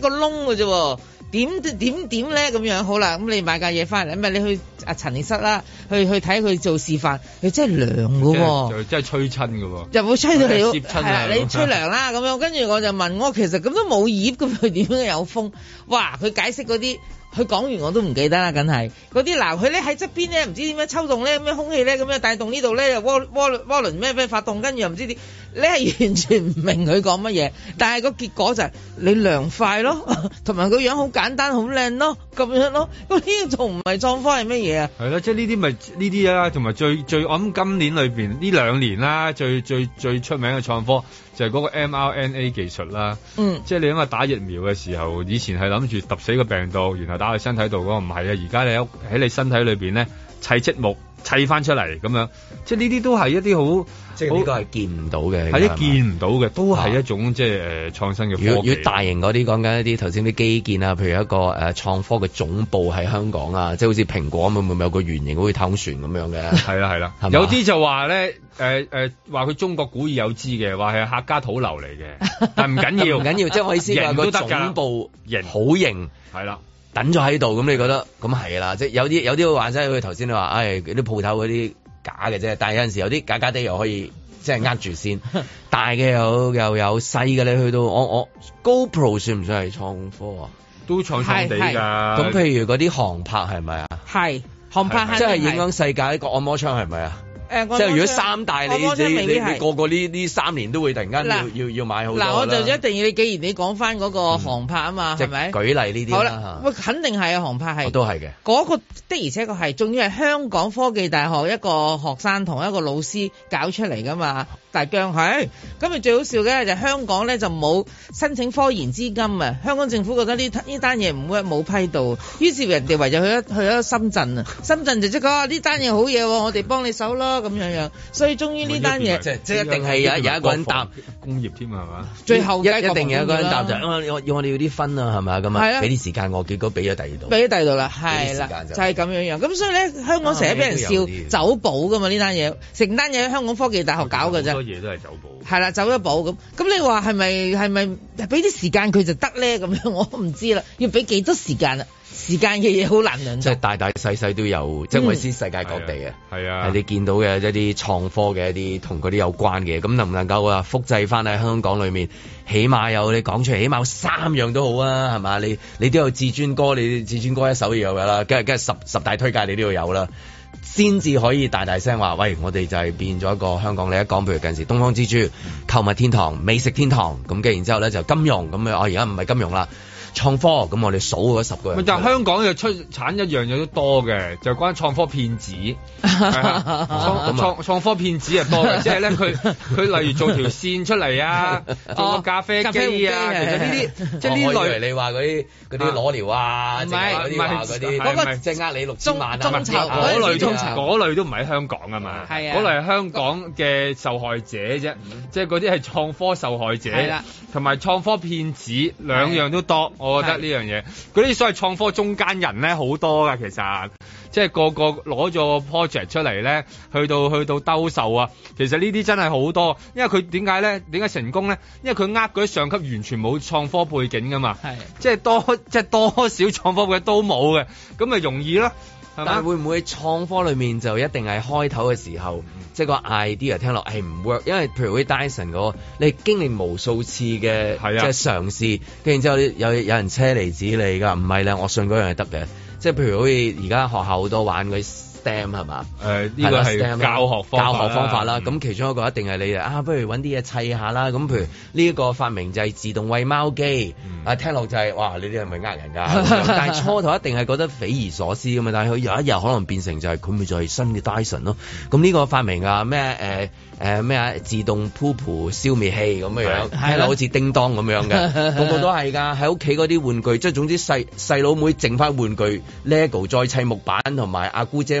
個窿咋啫，點點點咧咁樣，怎樣，怎樣，呢樣好啦。咁你買架嘢翻嚟，咪你去啊陳列室啦，去去睇佢做示範，佢真係涼㗎就真係吹親喎。又冇吹到你。係啊，你吹涼啦咁 樣。跟住我就問我，其實咁都冇葉，咁佢點樣有風？哇！佢解釋嗰啲。佢講完我都唔記得啦，梗係嗰啲嗱，佢咧喺側邊咧，唔知點樣抽動咧，咩空氣咧，咁樣帶動呢度咧，又渦渦輪渦輪咩咩發動，跟住又唔知點，你係完全唔明佢講乜嘢，但係個結果就係、是、你涼快咯，同埋個樣好簡單好靚咯，咁樣咯，咁呢個仲唔係創科係乜嘢啊？係咯，即係呢啲咪呢啲啦，同埋最最我諗今年裏邊呢兩年啦，最最最出名嘅創科。就係嗰個 mRNA 技術啦，嗯，即係你因為打疫苗嘅時候，以前係諗住揼死個病毒，然後打去身體度，嗰個唔係啊！而家你喺喺你身體裏邊咧砌積木。砌翻出嚟咁樣，即係呢啲都係一啲好，即係呢個係見唔到嘅，係啲見唔到嘅，吧都係一種即係、啊、創新嘅。如果大型嗰啲講緊一啲頭先啲基建啊，譬如一個、呃、創科嘅總部喺香港啊，即係好似蘋果咁樣，咪有個圓形好似太空船咁樣嘅。係啦係啦，啊、吧有啲就話咧誒誒，話、呃、佢中國古已有之嘅，話係客家土樓嚟嘅，係唔 緊要，唔緊要，即係意思話個總部型好型，係啦人。等咗喺度，咁你覺得咁係啦，即有啲有啲話齋，佢頭先話，唉、哎，啲鋪頭嗰啲假嘅啫，但係有陣時有啲假假地又可以即係呃住先， 大嘅又又有細嘅，你去到我我 GoPro 算唔算係創科啊？都創創地㗎。咁譬如嗰啲航拍係咪啊？係航拍係是。即係影響世界個按摩槍係咪啊？即係、呃、如果三大你你你個個呢呢三年都會突然間要啦要買買好嗱我就一定要你，既然你講翻嗰個航拍啊嘛，係咪？舉例呢啲好啦，喂、嗯，肯定係啊，航拍係。我都係嘅。嗰個的而且確係，仲要係香港科技大學一個學生同一個老師搞出嚟噶嘛，大疆係。咁、哎、咪最好笑嘅就香港咧就冇申請科研資金啊！香港政府覺得呢呢單嘢唔會冇批到，於是人哋為咗去一去，去深圳啊，深圳就即刻話呢單嘢好嘢，我哋幫你手咯。咁樣樣，所以終於呢單嘢即係一定係有有一個人答工業添啊，係嘛？最後一定有一個人答就我哋要啲分啊，係咪咁啊，俾啲時間我，結果俾咗第二度，俾咗第二度啦，係啦，就係咁樣樣。咁所以咧，香港成日俾人笑走寶㗎嘛？呢單嘢成單嘢喺香港科技大學搞㗎啫，好多嘢都係走寶。係啦，走咗寶咁咁，你話係咪係咪俾啲時間佢就得咧？咁樣我唔知啦，要俾幾多時間啊？時間嘅嘢好難諗，即係大大細細都有，即係我意思，世界各地嘅，係、嗯、啊，啊你見到嘅一啲創科嘅一啲同嗰啲有關嘅，咁能唔能夠啊複製翻喺香港裏面？起碼有你講出嚟，起碼有三樣都好啊，係嘛？你你都有至尊歌，你至尊歌一首要有啦，跟住跟住十十大推介你都要有啦，先至可以大大聲話，喂，我哋就係變咗一個香港。你一講，譬如近時東方之珠、購物天堂、美食天堂咁嘅，然之後咧就金融咁樣，我而家唔係金融啦。創科咁我哋數咗十個人，就香港嘅出產一樣嘢都多嘅，就關創科騙子，創創科騙子係多嘅，即係咧佢佢例如做條線出嚟啊，做個咖啡機啊，其實呢啲即係呢類，你話嗰啲嗰啲裸聊啊，嗰啲嗰個即係呃你六千萬啊，嗰類中層，嗰類都唔係香港啊嘛，嗰類係香港嘅受害者啫，即係嗰啲係創科受害者，同埋創科騙子兩樣都多。我覺得呢樣嘢，嗰啲是所謂創科中間人咧好多噶，其實即係個個攞咗個 project 出嚟咧，去到去到兜售啊。其實呢啲真係好多，因為佢點解咧？點解成功咧？因為佢呃嗰啲上級完全冇創科背景噶嘛，是即係多即係多少創科嘅都冇嘅，咁咪容易咯。但會唔會創科裏面就一定係開頭嘅時候，即係個 idea 聽落係唔 work？因為譬如好似 Dyson 嗰個，你經歷無數次嘅、啊、即係嘗試，跟住之後有人車釐子你㗎，唔係咧我信嗰樣係得嘅。即係譬如好似而家學校好多玩嗰。STEM 係嘛？誒呢、啊這個係教學方法啦、啊。咁、啊嗯、其中一個一定係你啊，不如揾啲嘢砌下啦。咁譬如呢個發明就係自動餵貓機，嗯、啊聽落就係、是、哇！你啲係咪呃人㗎？ 但係初頭一定係覺得匪夷所思㗎嘛。但係佢有一日可能變成就係佢咪就係新嘅 Dyson 咯、啊。咁呢個發明啊咩誒誒咩啊自動 poop 消滅器咁嘅樣，係啦，好似叮當咁樣嘅，個 個都係㗎。喺屋企嗰啲玩具，即係總之細細佬妹剩翻玩具 LEGO 再砌木板，同埋阿姑姐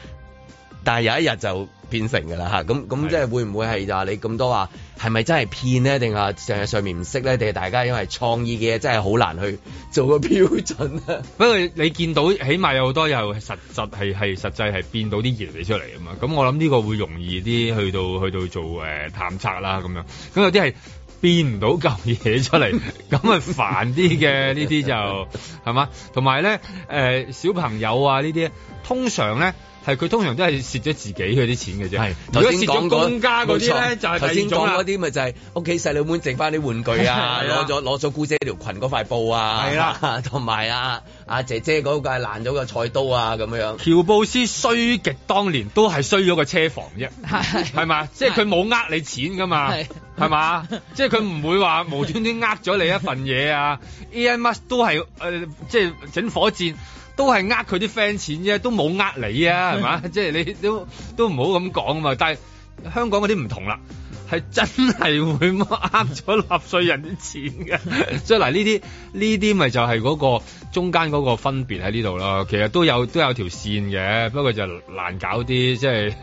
但係有一日就變成噶啦，嚇咁咁即係會唔會係就你咁多話係咪真係騙咧？定係成日上面唔識咧？定係大家因為創意嘅嘢真係好難去做個標準，不過你見到起碼有好多又實際係係實際係變到啲嘢出嚟啊嘛！咁我諗呢個會容易啲去到去到做誒、呃、探測啦，咁樣，咁有啲係變唔到嚿嘢出嚟，咁啊 煩啲嘅 呢啲就係嘛？同埋咧誒小朋友啊呢啲通常咧。係佢通常都係蝕咗自己嗰啲錢嘅啫。係，如果蝕咗公家嗰啲咧，就係頭先講嗰啲咪就係屋企細佬妹剩翻啲玩具啊，攞咗攞咗姑姐條裙嗰塊布啊，係啦，同埋啊阿姐姐嗰個爛咗個菜刀啊咁樣。喬布斯衰極當年都係衰咗個車房啫，係嘛，即係佢冇呃你錢噶嘛，係嘛，即係佢唔會話無端端呃咗你一份嘢啊，EMS 都係誒即係整火箭。都係呃佢啲 friend 錢啫，都冇呃你啊，係嘛？即係 你都都唔好咁講啊嘛，但係香港嗰啲唔同啦。係真係會呃咗納稅人啲錢嘅， 所以嗱呢啲呢啲咪就係嗰個中間嗰個分別喺呢度囉。其實都有都有條線嘅，不過就難搞啲，即係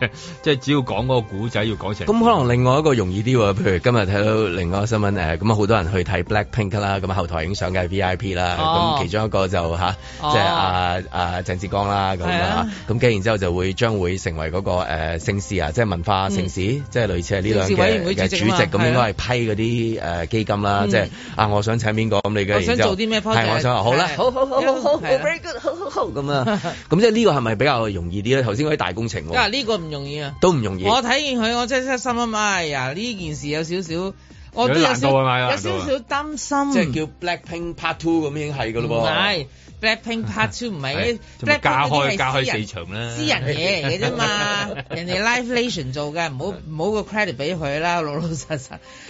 即係只要講嗰個古仔要講成。咁可能另外一個容易啲喎，譬如今日睇到另外一個新聞咁啊，好多人去睇 BLACKPINK 啦，咁後台影相嘅 VIP 啦，咁其中一個就吓，即係阿阿鄭志剛啦咁啊，咁、啊啊、Yeah. 然之後就會將會成為嗰、那個姓氏啊，即係文化城市，嗯、即係類似係呢兩個主席咁應該係批嗰啲誒基金啦，即係啊，我想請邊個咁你嘅，想做啲咩我想好啦，好好好好好，very good，好好好咁啊，咁即係呢個係咪比較容易啲咧？頭先嗰啲大工程，嗱，呢個唔容易啊，都唔容易。我睇見佢，我真係心諗，哎呀呢件事有少少，我都有有少少擔心，即係叫 Blackpink Part Two 咁已經係噶嘞喎。Blackpink Part Two 唔係啲，就加開加開市場啦。私人嘢嚟嘅啫嘛，人哋 Live Nation 做嘅，唔好唔好個 credit 俾佢啦，老老實實。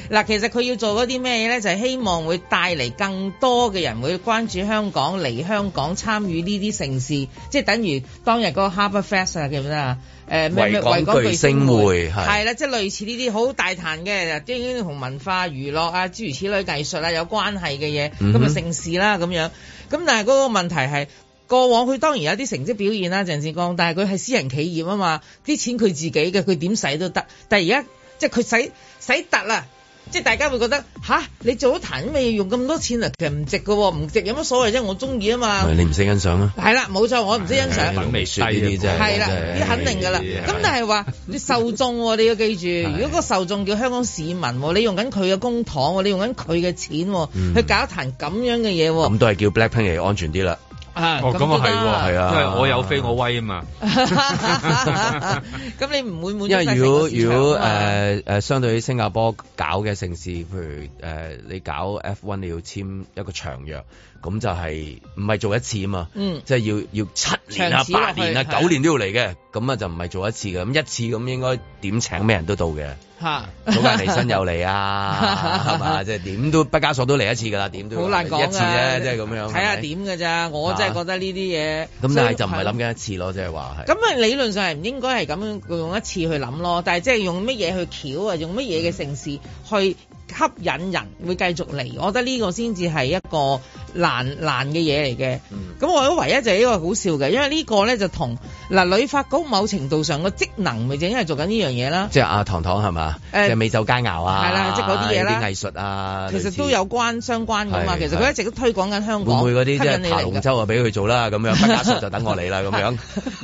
嗱，其實佢要做嗰啲咩嘢咧，就係希望會帶嚟更多嘅人會關注香港，嚟香港參與呢啲盛事，即係等於當日嗰個 Harbour Fest 啊叫咩啊？咩咩維港巨星匯係啦，即係類似呢啲好大壇嘅，即係同文化娛樂啊，諸如此類藝術啊有關係嘅嘢，咁啊盛事啦咁樣。咁但係嗰個問題係，過往佢當然有啲成績表現啦，鄭志剛，但係佢係私人企業啊嘛，啲錢佢自己嘅，佢點使都得。但係而家即係佢使使得啦。即係大家會覺得吓，你做咗壇咁嘢用咁多錢啊，其實唔值㗎喎，唔值有乜所謂啫，我中意啊嘛。你唔識欣賞啊？係啦，冇錯，我唔識欣賞。品味低啲啫。係啦，呢肯定㗎啦。咁 Yeah. 但係話你受眾、哦，你要記住，如果個受眾叫香港市民，你用緊佢嘅公帑，你用緊佢嘅錢去搞一壇咁樣嘅嘢，咁都係叫 Black Pink 安全啲啦。啊、哦，咁啊係，係啊，因為我有飛、啊、我威啊嘛。咁你唔會滿足？因為如果如果誒誒，呃、相對於新加坡搞嘅盛事，譬如誒、呃、你搞 F1 你要簽一個長約。咁就係唔係做一次啊嘛？嗯，即係要要七年啊、八年啊、九年都要嚟嘅。咁啊就唔係做一次嘅。咁一次咁應該點請咩人都到嘅吓，嗰間離新又嚟啊，係嘛？即係點都畢加索都嚟一次㗎啦。點都好難講一次啫，即係咁樣睇下點㗎咋？我真係覺得呢啲嘢咁，但係就唔係諗緊一次咯，即係話係咁啊。理論上係唔應該係咁用一次去諗咯，但係即係用乜嘢去竅啊？用乜嘢嘅城市去吸引人會繼續嚟？我覺得呢個先至係一個。難難嘅嘢嚟嘅，咁我唯一就係呢個好笑嘅，因為呢個咧就同嗱旅發局某程度上個職能咪正因為做緊呢樣嘢啦，即係阿唐唐係嘛，即係美酒佳肴啊，係啦，即係嗰啲嘢啦，啲藝術啊，其實都有關相關噶嘛，其實佢一直都推廣緊香港，會唔會嗰啲即係扒龍舟啊俾佢做啦，咁樣畢加索就等我嚟啦，咁樣，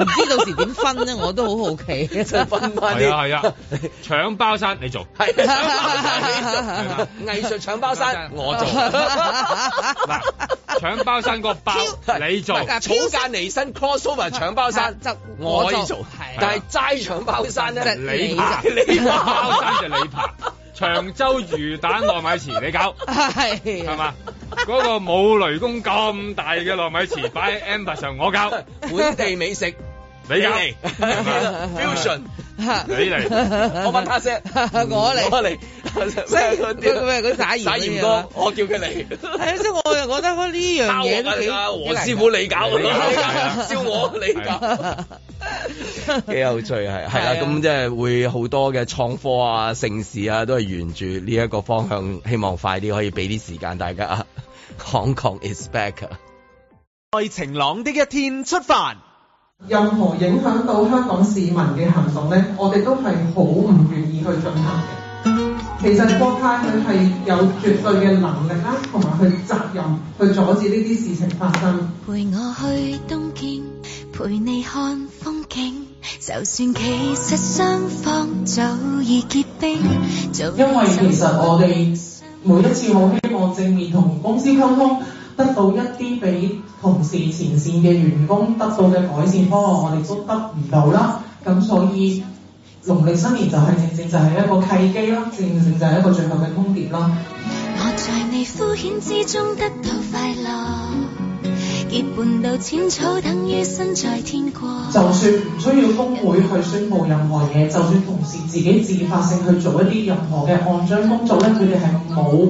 唔知到時點分咧？我都好好奇，一分分翻。係啊，搶包山你做，係，藝術搶包山我做，搶包山個包，你做草間離身 crossover 搶包山，我做。係，但係齋搶包山咧，你搞，你搞，包山就你爬，長洲魚蛋糯米糍你搞，係，係嘛，嗰個冇雷公咁大嘅糯米糍擺喺 amber 上，我搞本地美食。你嚟，Fusion，你嚟，我問他先，我嚟，我嚟，即係佢咩？打打鹽哥，我叫佢嚟。係即係我又覺得呢樣嘢，王師傅你搞，笑我你搞，幾有趣係，係啦，咁即係會好多嘅創科啊、盛事啊，都係沿住呢一個方向，希望快啲可以俾啲時間大家啊。Hong Kong is back，在晴朗的一天出發。任何影響到香港市民嘅行動咧，我哋都係好唔願意去進行嘅。其實國泰佢係有絕對嘅能力啦，同埋佢責任去阻止呢啲事情發生。陪陪我去東京，陪你看風景，就算其實雙方早已結冰，已因為其實我哋每一次，我希望正面同公司溝通。得到一啲俾同事前線嘅員工得到嘅改善方案，我哋都得唔到啦。咁所以農曆新年就係、是、正正就係一個契機啦，正正就係一個最後嘅通牒啦。我在你敷衍之中得到快樂，結伴到淺草，等於身在天國。就算唔需要工會去宣佈任何嘢，就算同事自己自，己自己發性去做一啲任何嘅按章工作咧，佢哋係冇。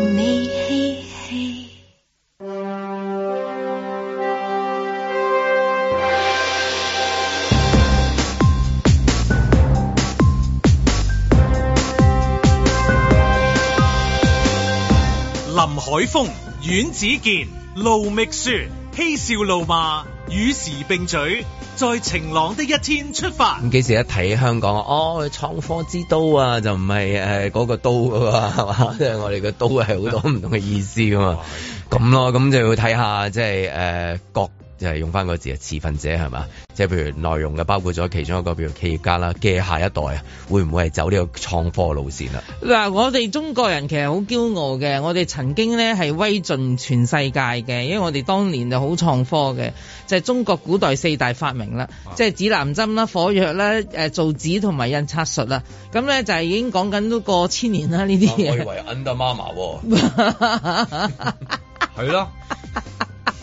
海風、阮子健、盧覓雪、嬉笑怒罵、與時並舉，在晴朗的一天出發。咁幾時一睇香港？哦，創科之都啊，就唔係誒嗰個都噶、啊，係 嘛？即係我哋嘅都係好多唔同嘅意思噶嘛。咁咯，咁就要睇下即係誒各。就係用翻個字啊，持份者係嘛？即係譬如內容嘅，包括咗其中一個，譬如企業家啦嘅下一代，啊，會唔會係走呢個創科路線啊？嗱，我哋中國人其實好驕傲嘅，我哋曾經咧係威震全世界嘅，因為我哋當年就好創科嘅，就係、係、中國古代四大發明啦，啊、即係指南針啦、火藥啦、誒造紙同埋印刷術啦，咁咧就係已經講緊都過千年啦呢啲嘢。我、啊、以為 under mama 喎。係啦。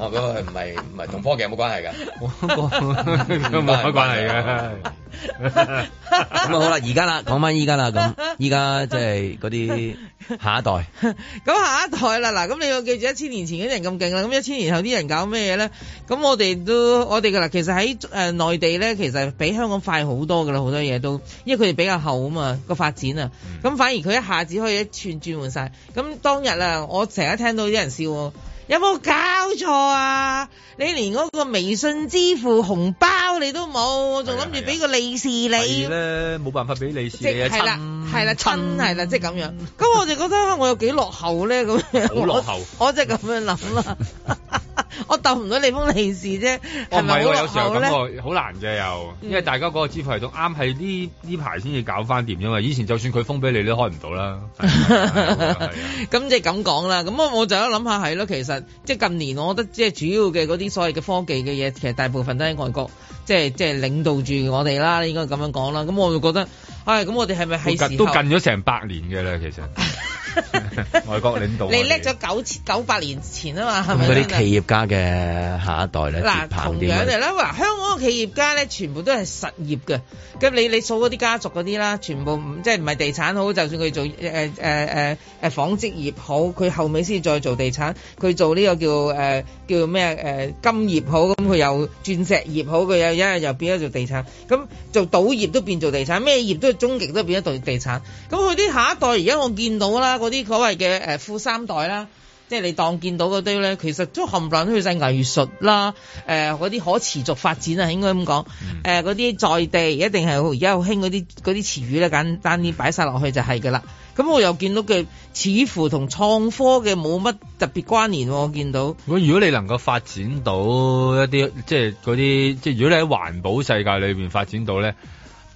係唔係唔係同科技有冇關係？咪冇關係嘅，咁咪好啦，而家啦，講返而家啦，咁而家即係嗰啲下一代咁、 嗯、下一代啦嗱，咁你要記住一千年前啲人咁勁啦，咁一千年後啲人搞咩嘢呢？咁我哋都，我哋噶啦，其實喺誒內地呢，其實比香港快好多㗎啦，好多嘢都，因為佢哋比較厚嘛個發展啊咁、嗯、反而佢一下子可以一串轉換晒咁，當日啊我成日聽到啲人笑，有冇搞錯啊？你連嗰個微信支付紅包你都冇，我仲諗住俾個利是你。係咧，冇辦法俾利是你啊！真係啦，係啦，真係啦，即係咁樣。咁我就覺得我有幾落後咧，咁 樣。好落後，我即係咁樣諗啦。 我逗唔到你封利是啫，唔係咪？啊、有時候我好呢難嘅又，因為大家嗰個支付系統啱係呢呢排先至搞翻掂啫嘛。以前就算佢封俾你都開唔到啦。咁即係咁講啦。咁啊 就我就有諗下係咯。其實即係近年，我覺得即係主要嘅嗰啲所謂嘅科技嘅嘢，其實大部分都喺外國，即係即係領導住我哋啦。應該咁樣講啦。咁我就覺得，唉、哎，咁我哋係咪係時候都近咗成百年嘅咧？其實。 外國領導 你叻咗九千 九百年前啊嘛，係咪嗰啲企業家嘅下一代咧，嗱喊同樣嚟啦。嗱，香港嘅企業家咧，全部都係實業嘅。咁你你數嗰啲家族嗰啲啦，全部即係唔係地產好，就算佢做誒誒誒誒紡織業好，佢後尾先再做地產。佢做呢個叫誒、呃、叫咩誒、呃、金業好，咁佢又鑽石業好，佢又一日又變咗做地產。咁做賭業都變做地產，咩業都係終極都變咗做地產。咁佢啲下一代而家我見到啦。嗰啲所謂嘅誒富三代啦，即係你當見到嗰堆咧，其實都冚唪唥都係藝術啦，誒嗰啲可持續發展啊，應該咁講，誒嗰啲在地一定係而家好興嗰啲啲詞語咧，簡單啲擺晒落去就係㗎啦。咁我又見到嘅，似乎同創科嘅冇乜特別關聯啊，我見到。我如果你能夠發展到一啲即係嗰啲，即係如果你喺環保世界裏邊發展到咧。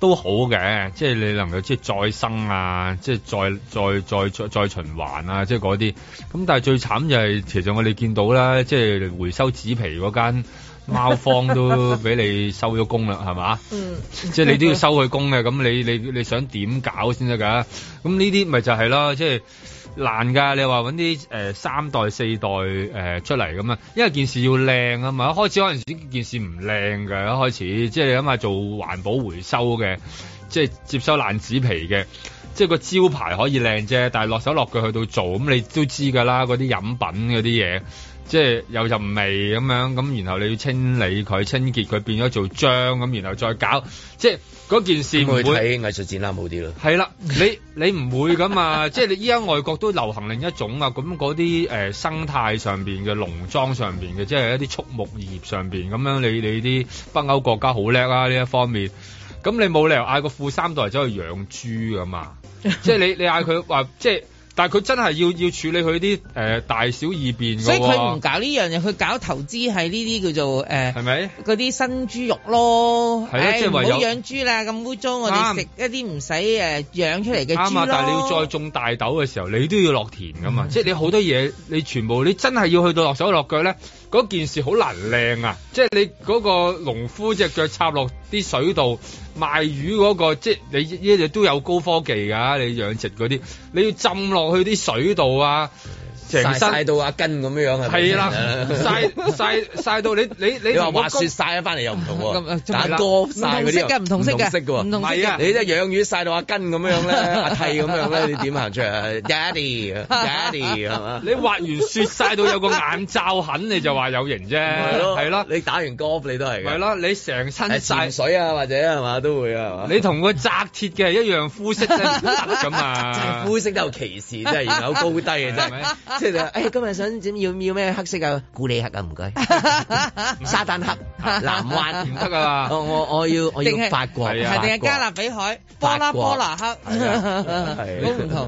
都好嘅，即係你能夠即係再生啊，即係再再再再再循環啊，即係嗰啲。咁但係最慘就係，其實我哋見到啦，即係回收紙皮嗰間貓坊都俾你收咗工啦，係嘛？嗯，即係你都要收佢工嘅，咁你你你想點搞先得㗎？咁呢啲咪就係啦，即係。難噶，你話搵啲誒三代四代誒、呃、出嚟咁啊，因為件事要靚啊嘛，一開始嗰陣時件事唔靚㗎，一開始即係你諗下做環保回收嘅，即係接收爛紙皮嘅，即係個招牌可以靚啫，但係落手落腳去到做，咁、嗯、你都知噶啦，嗰啲飲品嗰啲嘢。即係有陣味咁樣，咁然後你要清理佢、清潔佢，變咗做漿咁，然後再搞，即係嗰件事唔會。睇藝術展啦，好啲咯。係啦，你你唔會咁啊！即係你依家外國都流行另一種啊，咁嗰啲誒生態上邊嘅農莊上邊嘅，即係一啲畜牧業上邊咁樣。你你啲北歐國家好叻啊呢一方面。咁你冇理由嗌個富三代嚟走去養豬㗎嘛？即係你你嗌佢話即係。但佢真係要要處理佢啲誒大小二便㗎、啊、所以佢唔搞呢樣嘢，佢搞投資係呢啲叫做誒，係、呃、咪？嗰啲新豬肉咯，係咯，即係唔好養豬啦，咁污糟，我哋食一啲唔使誒養出嚟嘅豬肉，啱，但你要再種大豆嘅時候，你都要落田㗎嘛。即係、嗯、你好多嘢，你全部你真係要去到落手落腳咧。嗰件事好難靚啊！即係你嗰個農夫隻腳插落啲水度賣魚嗰個，即係你呢度都有高科技㗎，你養殖嗰啲，你要浸落去啲水度啊！成曬到阿根咁樣係咪？係啦，曬晒到你你你你話滑雪曬一翻嚟又唔同喎，打 golf 曬嗰啲唔同色唔同色嘅，係啊，你即係養魚曬到阿根咁樣咧，阿剃咁樣咧，你點行出嚟？Daddy，Daddy，係你滑完雪曬到有個眼罩痕，你就話有型啫，係咯，你打完 golf 你都係。係咯，你成身係曬水啊，或者係嘛都會啊？你同個紮鐵嘅一樣膚色咁啊，膚色都有歧視真係，有高低嘅真係。 哎、今日想點要要咩黑色啊？古里克啊，唔該，沙丹盒， 南灣唔得噶我我，我要我要法國係定係加勒比海國波拉波拉克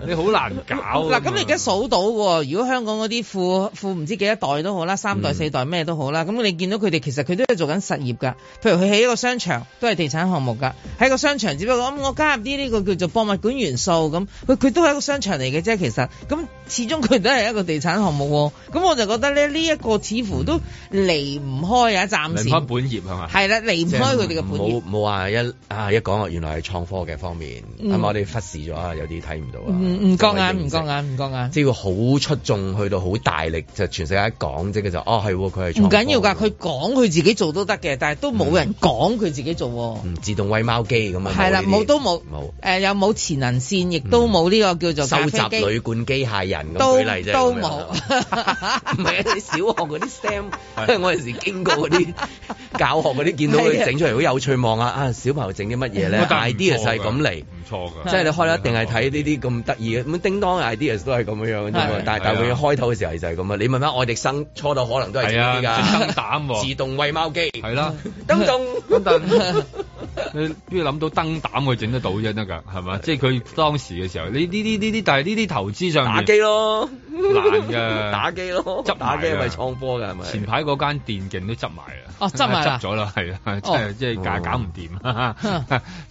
你好難搞嗱、啊。咁、啊、你而家數到喎？如果香港嗰啲富富唔知幾多代都好啦，三代四代咩都好啦。咁、嗯、你見到佢哋其實佢都係做緊實業㗎。譬如佢起一個商場都係地產項目㗎。喺個商場，只不過咁我加入啲呢個叫做博物館元素咁，佢佢都係一個商場嚟嘅啫。其實咁始終佢都係一。個地產項目，哦，咁我就覺得咧呢一，這個似乎都離唔開啊，暫時離開本業係嘛，係啦，離唔開佢哋嘅本業。冇冇話一啊一講，原來係創科嘅方面，係咪，嗯、我哋忽視咗啊？有啲睇唔到啊？唔唔覺眼，唔覺眼，唔覺眼，即要好出眾，去到好大力，就全世界講，即佢就哦係，佢係創科。唔緊要噶，佢講佢自己做都得嘅，但係都冇人講佢自己做。唔、嗯、自動餵貓機咁啊？係啦，冇都冇，冇誒有，冇，呃、前能線，亦都冇呢個叫做機收集旅館機械人嘅舉例都冇，唔係你小學嗰啲 STEM，我有時經過嗰啲教學嗰啲，見到佢整出嚟好有趣望啊！啊，小朋友整啲乜嘢咧？Ideas 咁嚟，唔錯噶，即係你開一定係睇呢啲咁得意嘅，咁叮當 Ideas 都係咁樣樣嘅，但係但係佢開頭嘅時候係就係咁啊！你問翻愛迪生初到可能都係整呢啲膽自動餵貓機，係啦，叮當。你邊度諗到燈膽佢整得到啫。得㗎？係嘛？即係佢當時嘅時候，你呢啲呢啲，但係呢啲投資上打機咯，難嘅打機咯，執打機咪創科㗎係咪？前排嗰間電競都執埋啦，執埋咗啦，係啊，即係搞搞唔掂啊！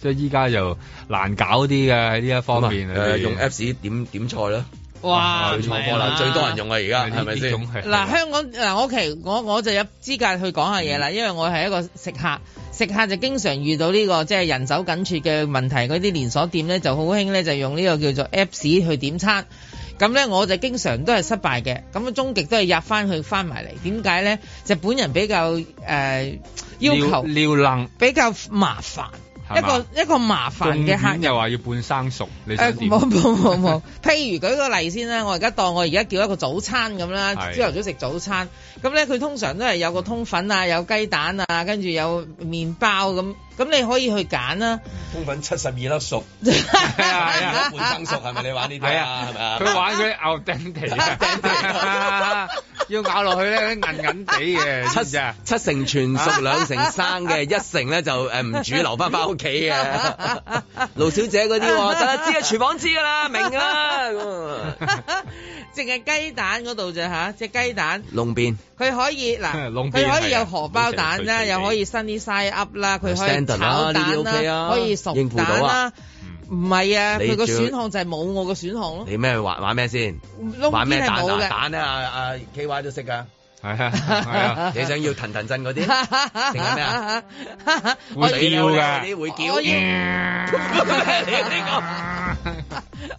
即係依家就難搞啲嘅喺呢一方面用 Apps 點點菜啦。哇！錯過啦，最多人用啊，而家係咪先？嗱吧，香港嗱，OK, 我其實我我就有資格去講下嘢啦，嗯、因為我係一個食客，食客就經常遇到呢、這個即係、就是、人手緊缺嘅問題，嗰啲連鎖店咧就好興咧就用呢個叫做 Apps 去點餐，咁咧我就經常都係失敗嘅，咁啊終極都係入翻去翻埋嚟，點解咧？就本人比較誒、呃、要求，料，料能比較麻煩。一個一個麻煩嘅客人，又話要半生熟，你誒冇冇冇冇，譬如舉個例先啦， 我而家當我而家叫一個早餐咁啦，朝頭早食早餐，咁咧佢通常都係有個通粉啊，有雞蛋啊，跟住有麵包咁。咁你可以去揀啦，通粉七十二粒熟，係啊係啊，一半生熟係咪？係係你玩呢啲啊？係咪啊？佢 玩佢咬牛地，ente 要咬落去咧，啲韌韌地嘅，七七成全熟， 兩成生嘅，一成咧就誒唔煮， 留翻翻屋企嘅。 盧小姐嗰啲，大家知啊，廚房知噶啦，明啊。 淨係雞蛋嗰度啫吓，隻雞蛋，佢可以嗱，佢可以有荷包蛋啦，又可以 sunny side up 啦，佢可以炒蛋啦，可以熟蛋啦，唔係啊，佢個選項就係冇我個選項咯。你咩玩咩先？碌邊係冇嘅蛋咧，阿阿 K Y 都識噶。係啊係啊，你想要騰騰震嗰啲，定係咩啊？會叫嘅，嗰啲會叫。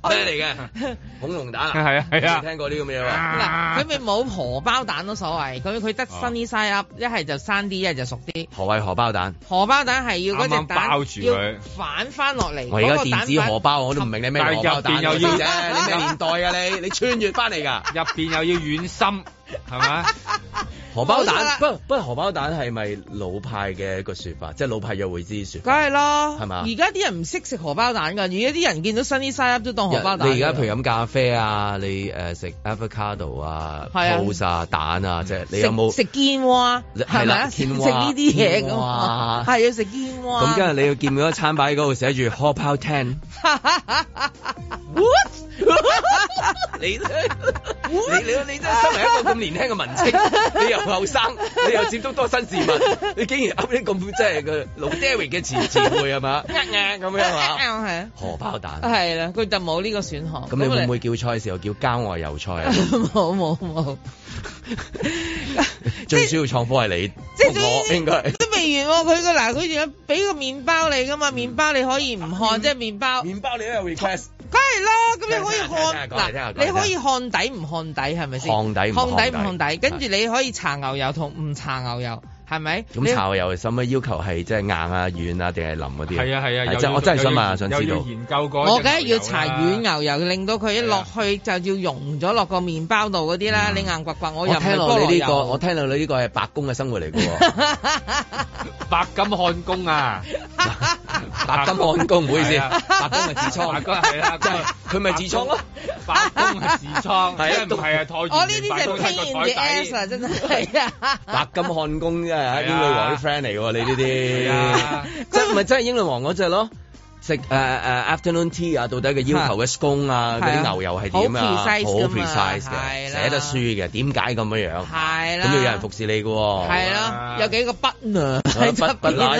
咩嚟嘅？ 恐龍蛋啊，係啊係啊，聽過呢咁咩嘢喎。嗱，咁你冇荷包蛋都所謂，咁佢得 sunny side up，一係就生啲，一係就熟啲。何謂荷包蛋？荷包蛋係要嗰隻蛋包住佢，反翻落嚟。我而家電子荷包，反我都唔明你咩荷包蛋又要嘅。你咩年代啊你？你穿越翻嚟㗎？入邊又要軟心，係咪？ 荷包蛋不不，荷包蛋係咪老派嘅一個說法，即係老派約會之說？梗係咯係嘛？而家啲人唔識食荷包蛋噶，而家啲人見到新啲西餐都當荷包蛋。你而家譬如飲咖啡啊，你誒食 avocado 啊 poach 蛋啊，即係你有冇食煎鍋？係咪？食呢啲嘢咁？係要食煎鍋。咁今日你要見到個餐牌喺嗰度寫住荷包蛋。你你你真係身為一個咁年輕嘅文青，後生，你又接觸多新事物，你竟然噏啲咁，即係個老 David 嘅前輩，係嘛？噏咁樣係荷包蛋係啦，佢 就冇呢個選項。咁你會唔會叫菜嘅時候叫郊外油菜 啊？冇冇冇， 最主要創科係你，即和我應該都未完、啊。佢個嗱，佢想俾個麵包你噶嘛？麵包你可以唔看，即、就、係、是、麵包麵，麵包你都有 request。梗係啦，咁你可以看嗱，你可以看底唔看底係咪先？看底唔看底，跟住你可以搽牛油同唔搽牛油，係咪？咁搽牛油使乜要求係即係硬啊、軟啊定係腍嗰啲？係啊係啊，即我真係想問想知道研究過。我梗係要搽軟牛油，令到佢一落去就要溶咗落個麵包度嗰啲啦。你硬刮刮，我又我聽落你呢個，我聽落你呢個係白宮嘅生活嚟嘅喎，白金漢宮啊！白金漢宮唔好意思，白金咪自創，白金係啦，佢咪自創咯，白金自創，係啊，我呢啲係編字 s 啊，真啊，白金漢宮真係英女王啲 friend 嚟㗎，你呢啲，真唔係真係英女王嗰隻咯。食誒誒 afternoon tea 啊，到底嘅要求嘅 scone 啊，嗰啲牛油係點啊？好 precise 嘅，寫得書嘅，點解咁樣樣？係啦，咁要有人服侍你嘅，係啦，有幾個筆啊？突然間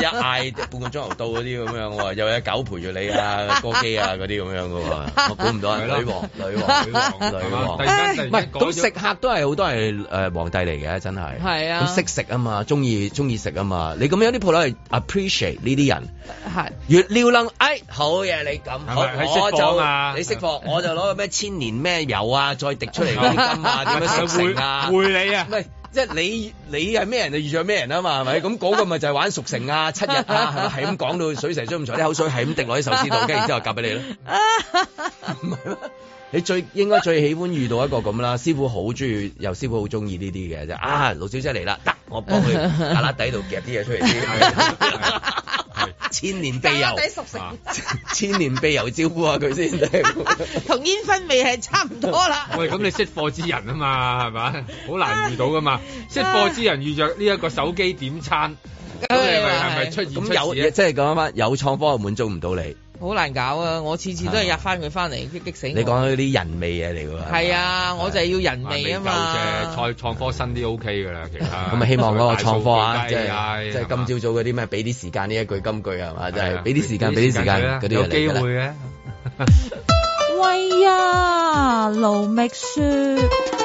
一嗌半個鐘頭到嗰啲咁樣，又有狗陪住你啊，個機啊嗰啲咁樣嘅，我估唔到。女王，女王，女王，女王。唔係咁食客都係好多係誒皇帝嚟嘅，真係係啊！咁識食啊嘛，鍾意鍾意食啊嘛，你咁樣啲鋪頭係 appreciate 呢啲人，係越嬲愣。好嘢，你咁，我就你識貨，我就攞個咩千年咩油啊，再滴出嚟嗰啲金啊，點樣熟成啊？會你啊？唔係，即係你你係咩人就遇著咩人啊嘛，係咪？咁嗰個咪就係玩熟成啊，七日啊，係咁講到水蛇春咁長啲口水，係咁滴落啲手指度，跟住之後夾俾你啦。你最應該最喜歡遇到一個咁啦，師傅好中意，又師傅好中意呢啲嘅啫。啊，老小姐嚟啦，得我幫佢揦底度夾啲嘢出嚟先。千年秘油，千年秘油招呼下佢先，同 煙燻味係差唔多啦。 喂，咁你識貨之人啊嘛，係咪？好難遇到噶嘛，識貨之人遇著呢一個手機點餐，咁、 嗯、你係咪、啊啊、出現出事，即係講翻有創方，又滿足唔到你。好難搞啊！我次次都係入翻佢翻嚟激激死我。你講嗰啲人味嘢嚟喎。係啊，我就係要人味啊嘛。再創科新啲 OK 噶啦，其他。咁啊，希望嗰個創科啊，即係即係今朝早嗰啲咩，俾啲時間呢一句金句係嘛，即係俾啲時間，俾啲時間嗰啲人嚟啦。有機會嘅。喂啊，盧覓雪。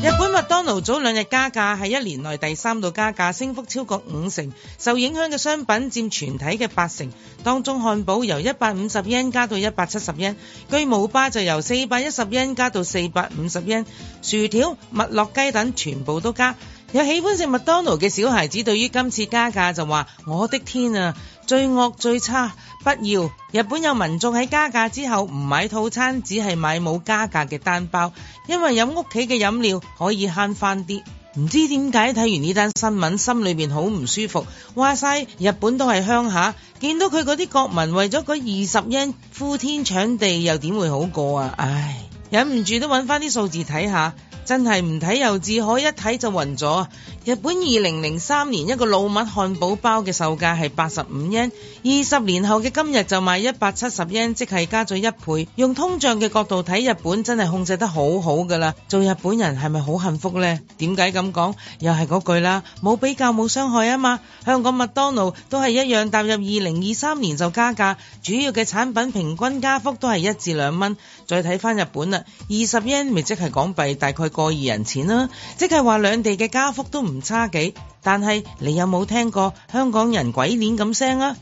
日本麥當勞早兩日加價，係一年內第三度加價，升幅超過五成。受影響嘅商品佔全體嘅八成，當中漢堡由一百五十円加到一百七十円，巨無霸就由四百一十円加到四百五十円，薯條、麥樂雞等全部都加。有喜歡食麥當勞嘅小孩子對於今次加價就話：「我的天啊！」最惡最差，不要！日本有民眾喺加價之後唔買套餐，只係買冇加價嘅單包，因為飲屋企嘅飲料可以慳翻啲。唔知點解睇完呢單新聞，心裏邊好唔舒服。話晒日本都係鄉下，見到佢嗰啲國民為咗嗰二十円，呼天搶地，又點會好過啊？唉，忍唔住都揾翻啲數字睇下，真係唔睇又自可，一睇就暈咗。日本二零零三年一個老麥漢堡包嘅售價係八十五日圓，二十年後嘅今日就賣一百七十日圓，即係加咗一倍。用通脹嘅角度睇，日本真係控制得好好噶啦。做日本人係咪好幸福呢？點解咁講？又係嗰句啦，冇比較冇傷害啊嘛。香港麥當勞都係一樣，踏入二零二三年就加價，主要嘅產品平均加幅都係一至兩蚊。再睇翻日本啦，二十日圓咪即係港幣大概個二人錢啦，即係話兩地嘅加幅都唔。差幾，但係你有冇聽過香港人鬼臉咁聲啊？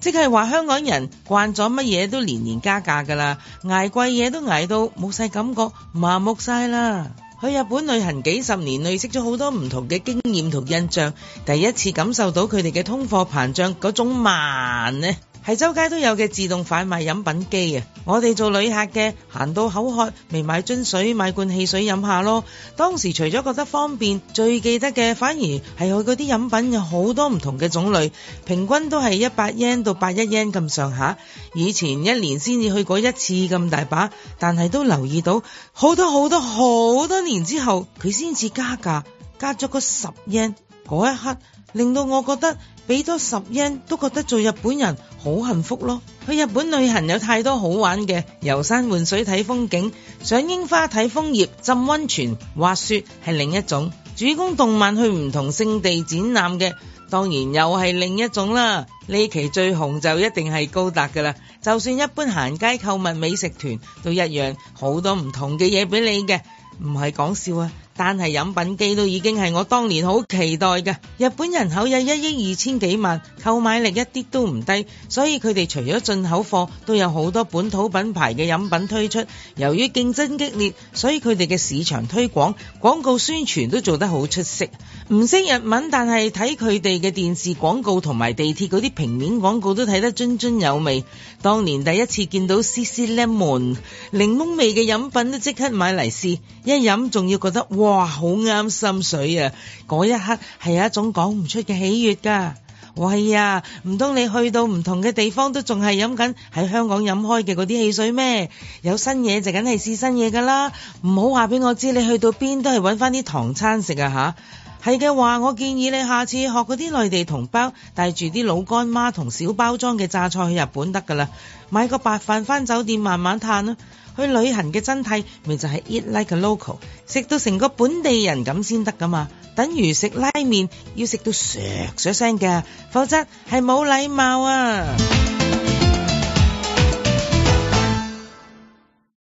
即係話香港人慣咗乜嘢都年年加價噶啦，捱貴嘢都捱到冇晒感覺，麻木晒啦。去日本旅行幾十年，累積咗好多唔同嘅經驗同印象，第一次感受到佢哋嘅通貨膨脹嗰種慢呢，係周街都有嘅自動販賣飲品機啊！我哋做旅客嘅行到口渴，咪買樽水，買罐汽水飲下咯。當時除咗覺得方便，最記得嘅反而係去嗰啲飲品有好多唔同嘅種類，平均都係一百日圓到八一日圓咁上下。以前一年先至去過一次咁大把，但係都留意到好多好多好多年之後，佢先至加價，加咗個十日圓。嗰一刻令到我覺得俾多十円都覺得做日本人好幸福咯。去日本旅行有太多好玩嘅，遊山玩水睇風景，賞櫻花睇楓葉，浸溫泉滑雪係另一種。主攻動漫去唔同聖地展覽嘅，當然又係另一種啦。呢期最紅就一定係高達噶啦。就算一般行街購物美食團都一樣，好多唔同嘅嘢俾你嘅，唔係講笑啊！但係飲品機都已經係我當年好期待嘅。日本人口有一億二千幾萬，購買力一啲都唔低，所以佢哋除咗進口貨，都有好多本土品牌嘅飲品推出。由於競爭激烈，所以佢哋嘅市場推廣、廣告宣傳都做得好出色。唔識日文，但係睇佢哋嘅電視廣告同埋地鐵嗰啲平面廣告都睇得津津有味。當年第一次見到 CC Lemon 檸檬味嘅飲品，都即刻買嚟試，一飲仲要覺得。哇，好啱心水啊！嗰一刻係有一種講唔出嘅喜悦噶。喂呀，唔通你去到唔同嘅地方都仲係飲緊喺香港飲開嘅嗰啲汽水咩？有新嘢就梗係試新嘢噶啦。唔好話俾我知你去到邊都係揾翻啲唐餐食啊吓？係嘅話，我建議你下次學嗰啲內地同胞帶住啲老乾媽同小包裝嘅榨菜去日本得噶啦。買個白飯翻酒店慢慢嘆啦。去旅行嘅真諦，咪就係 eat like a local，食到成個本地人咁先得噶嘛，等於食拉麵要食到嗦嗦聲㗎，否則係冇禮貌啊！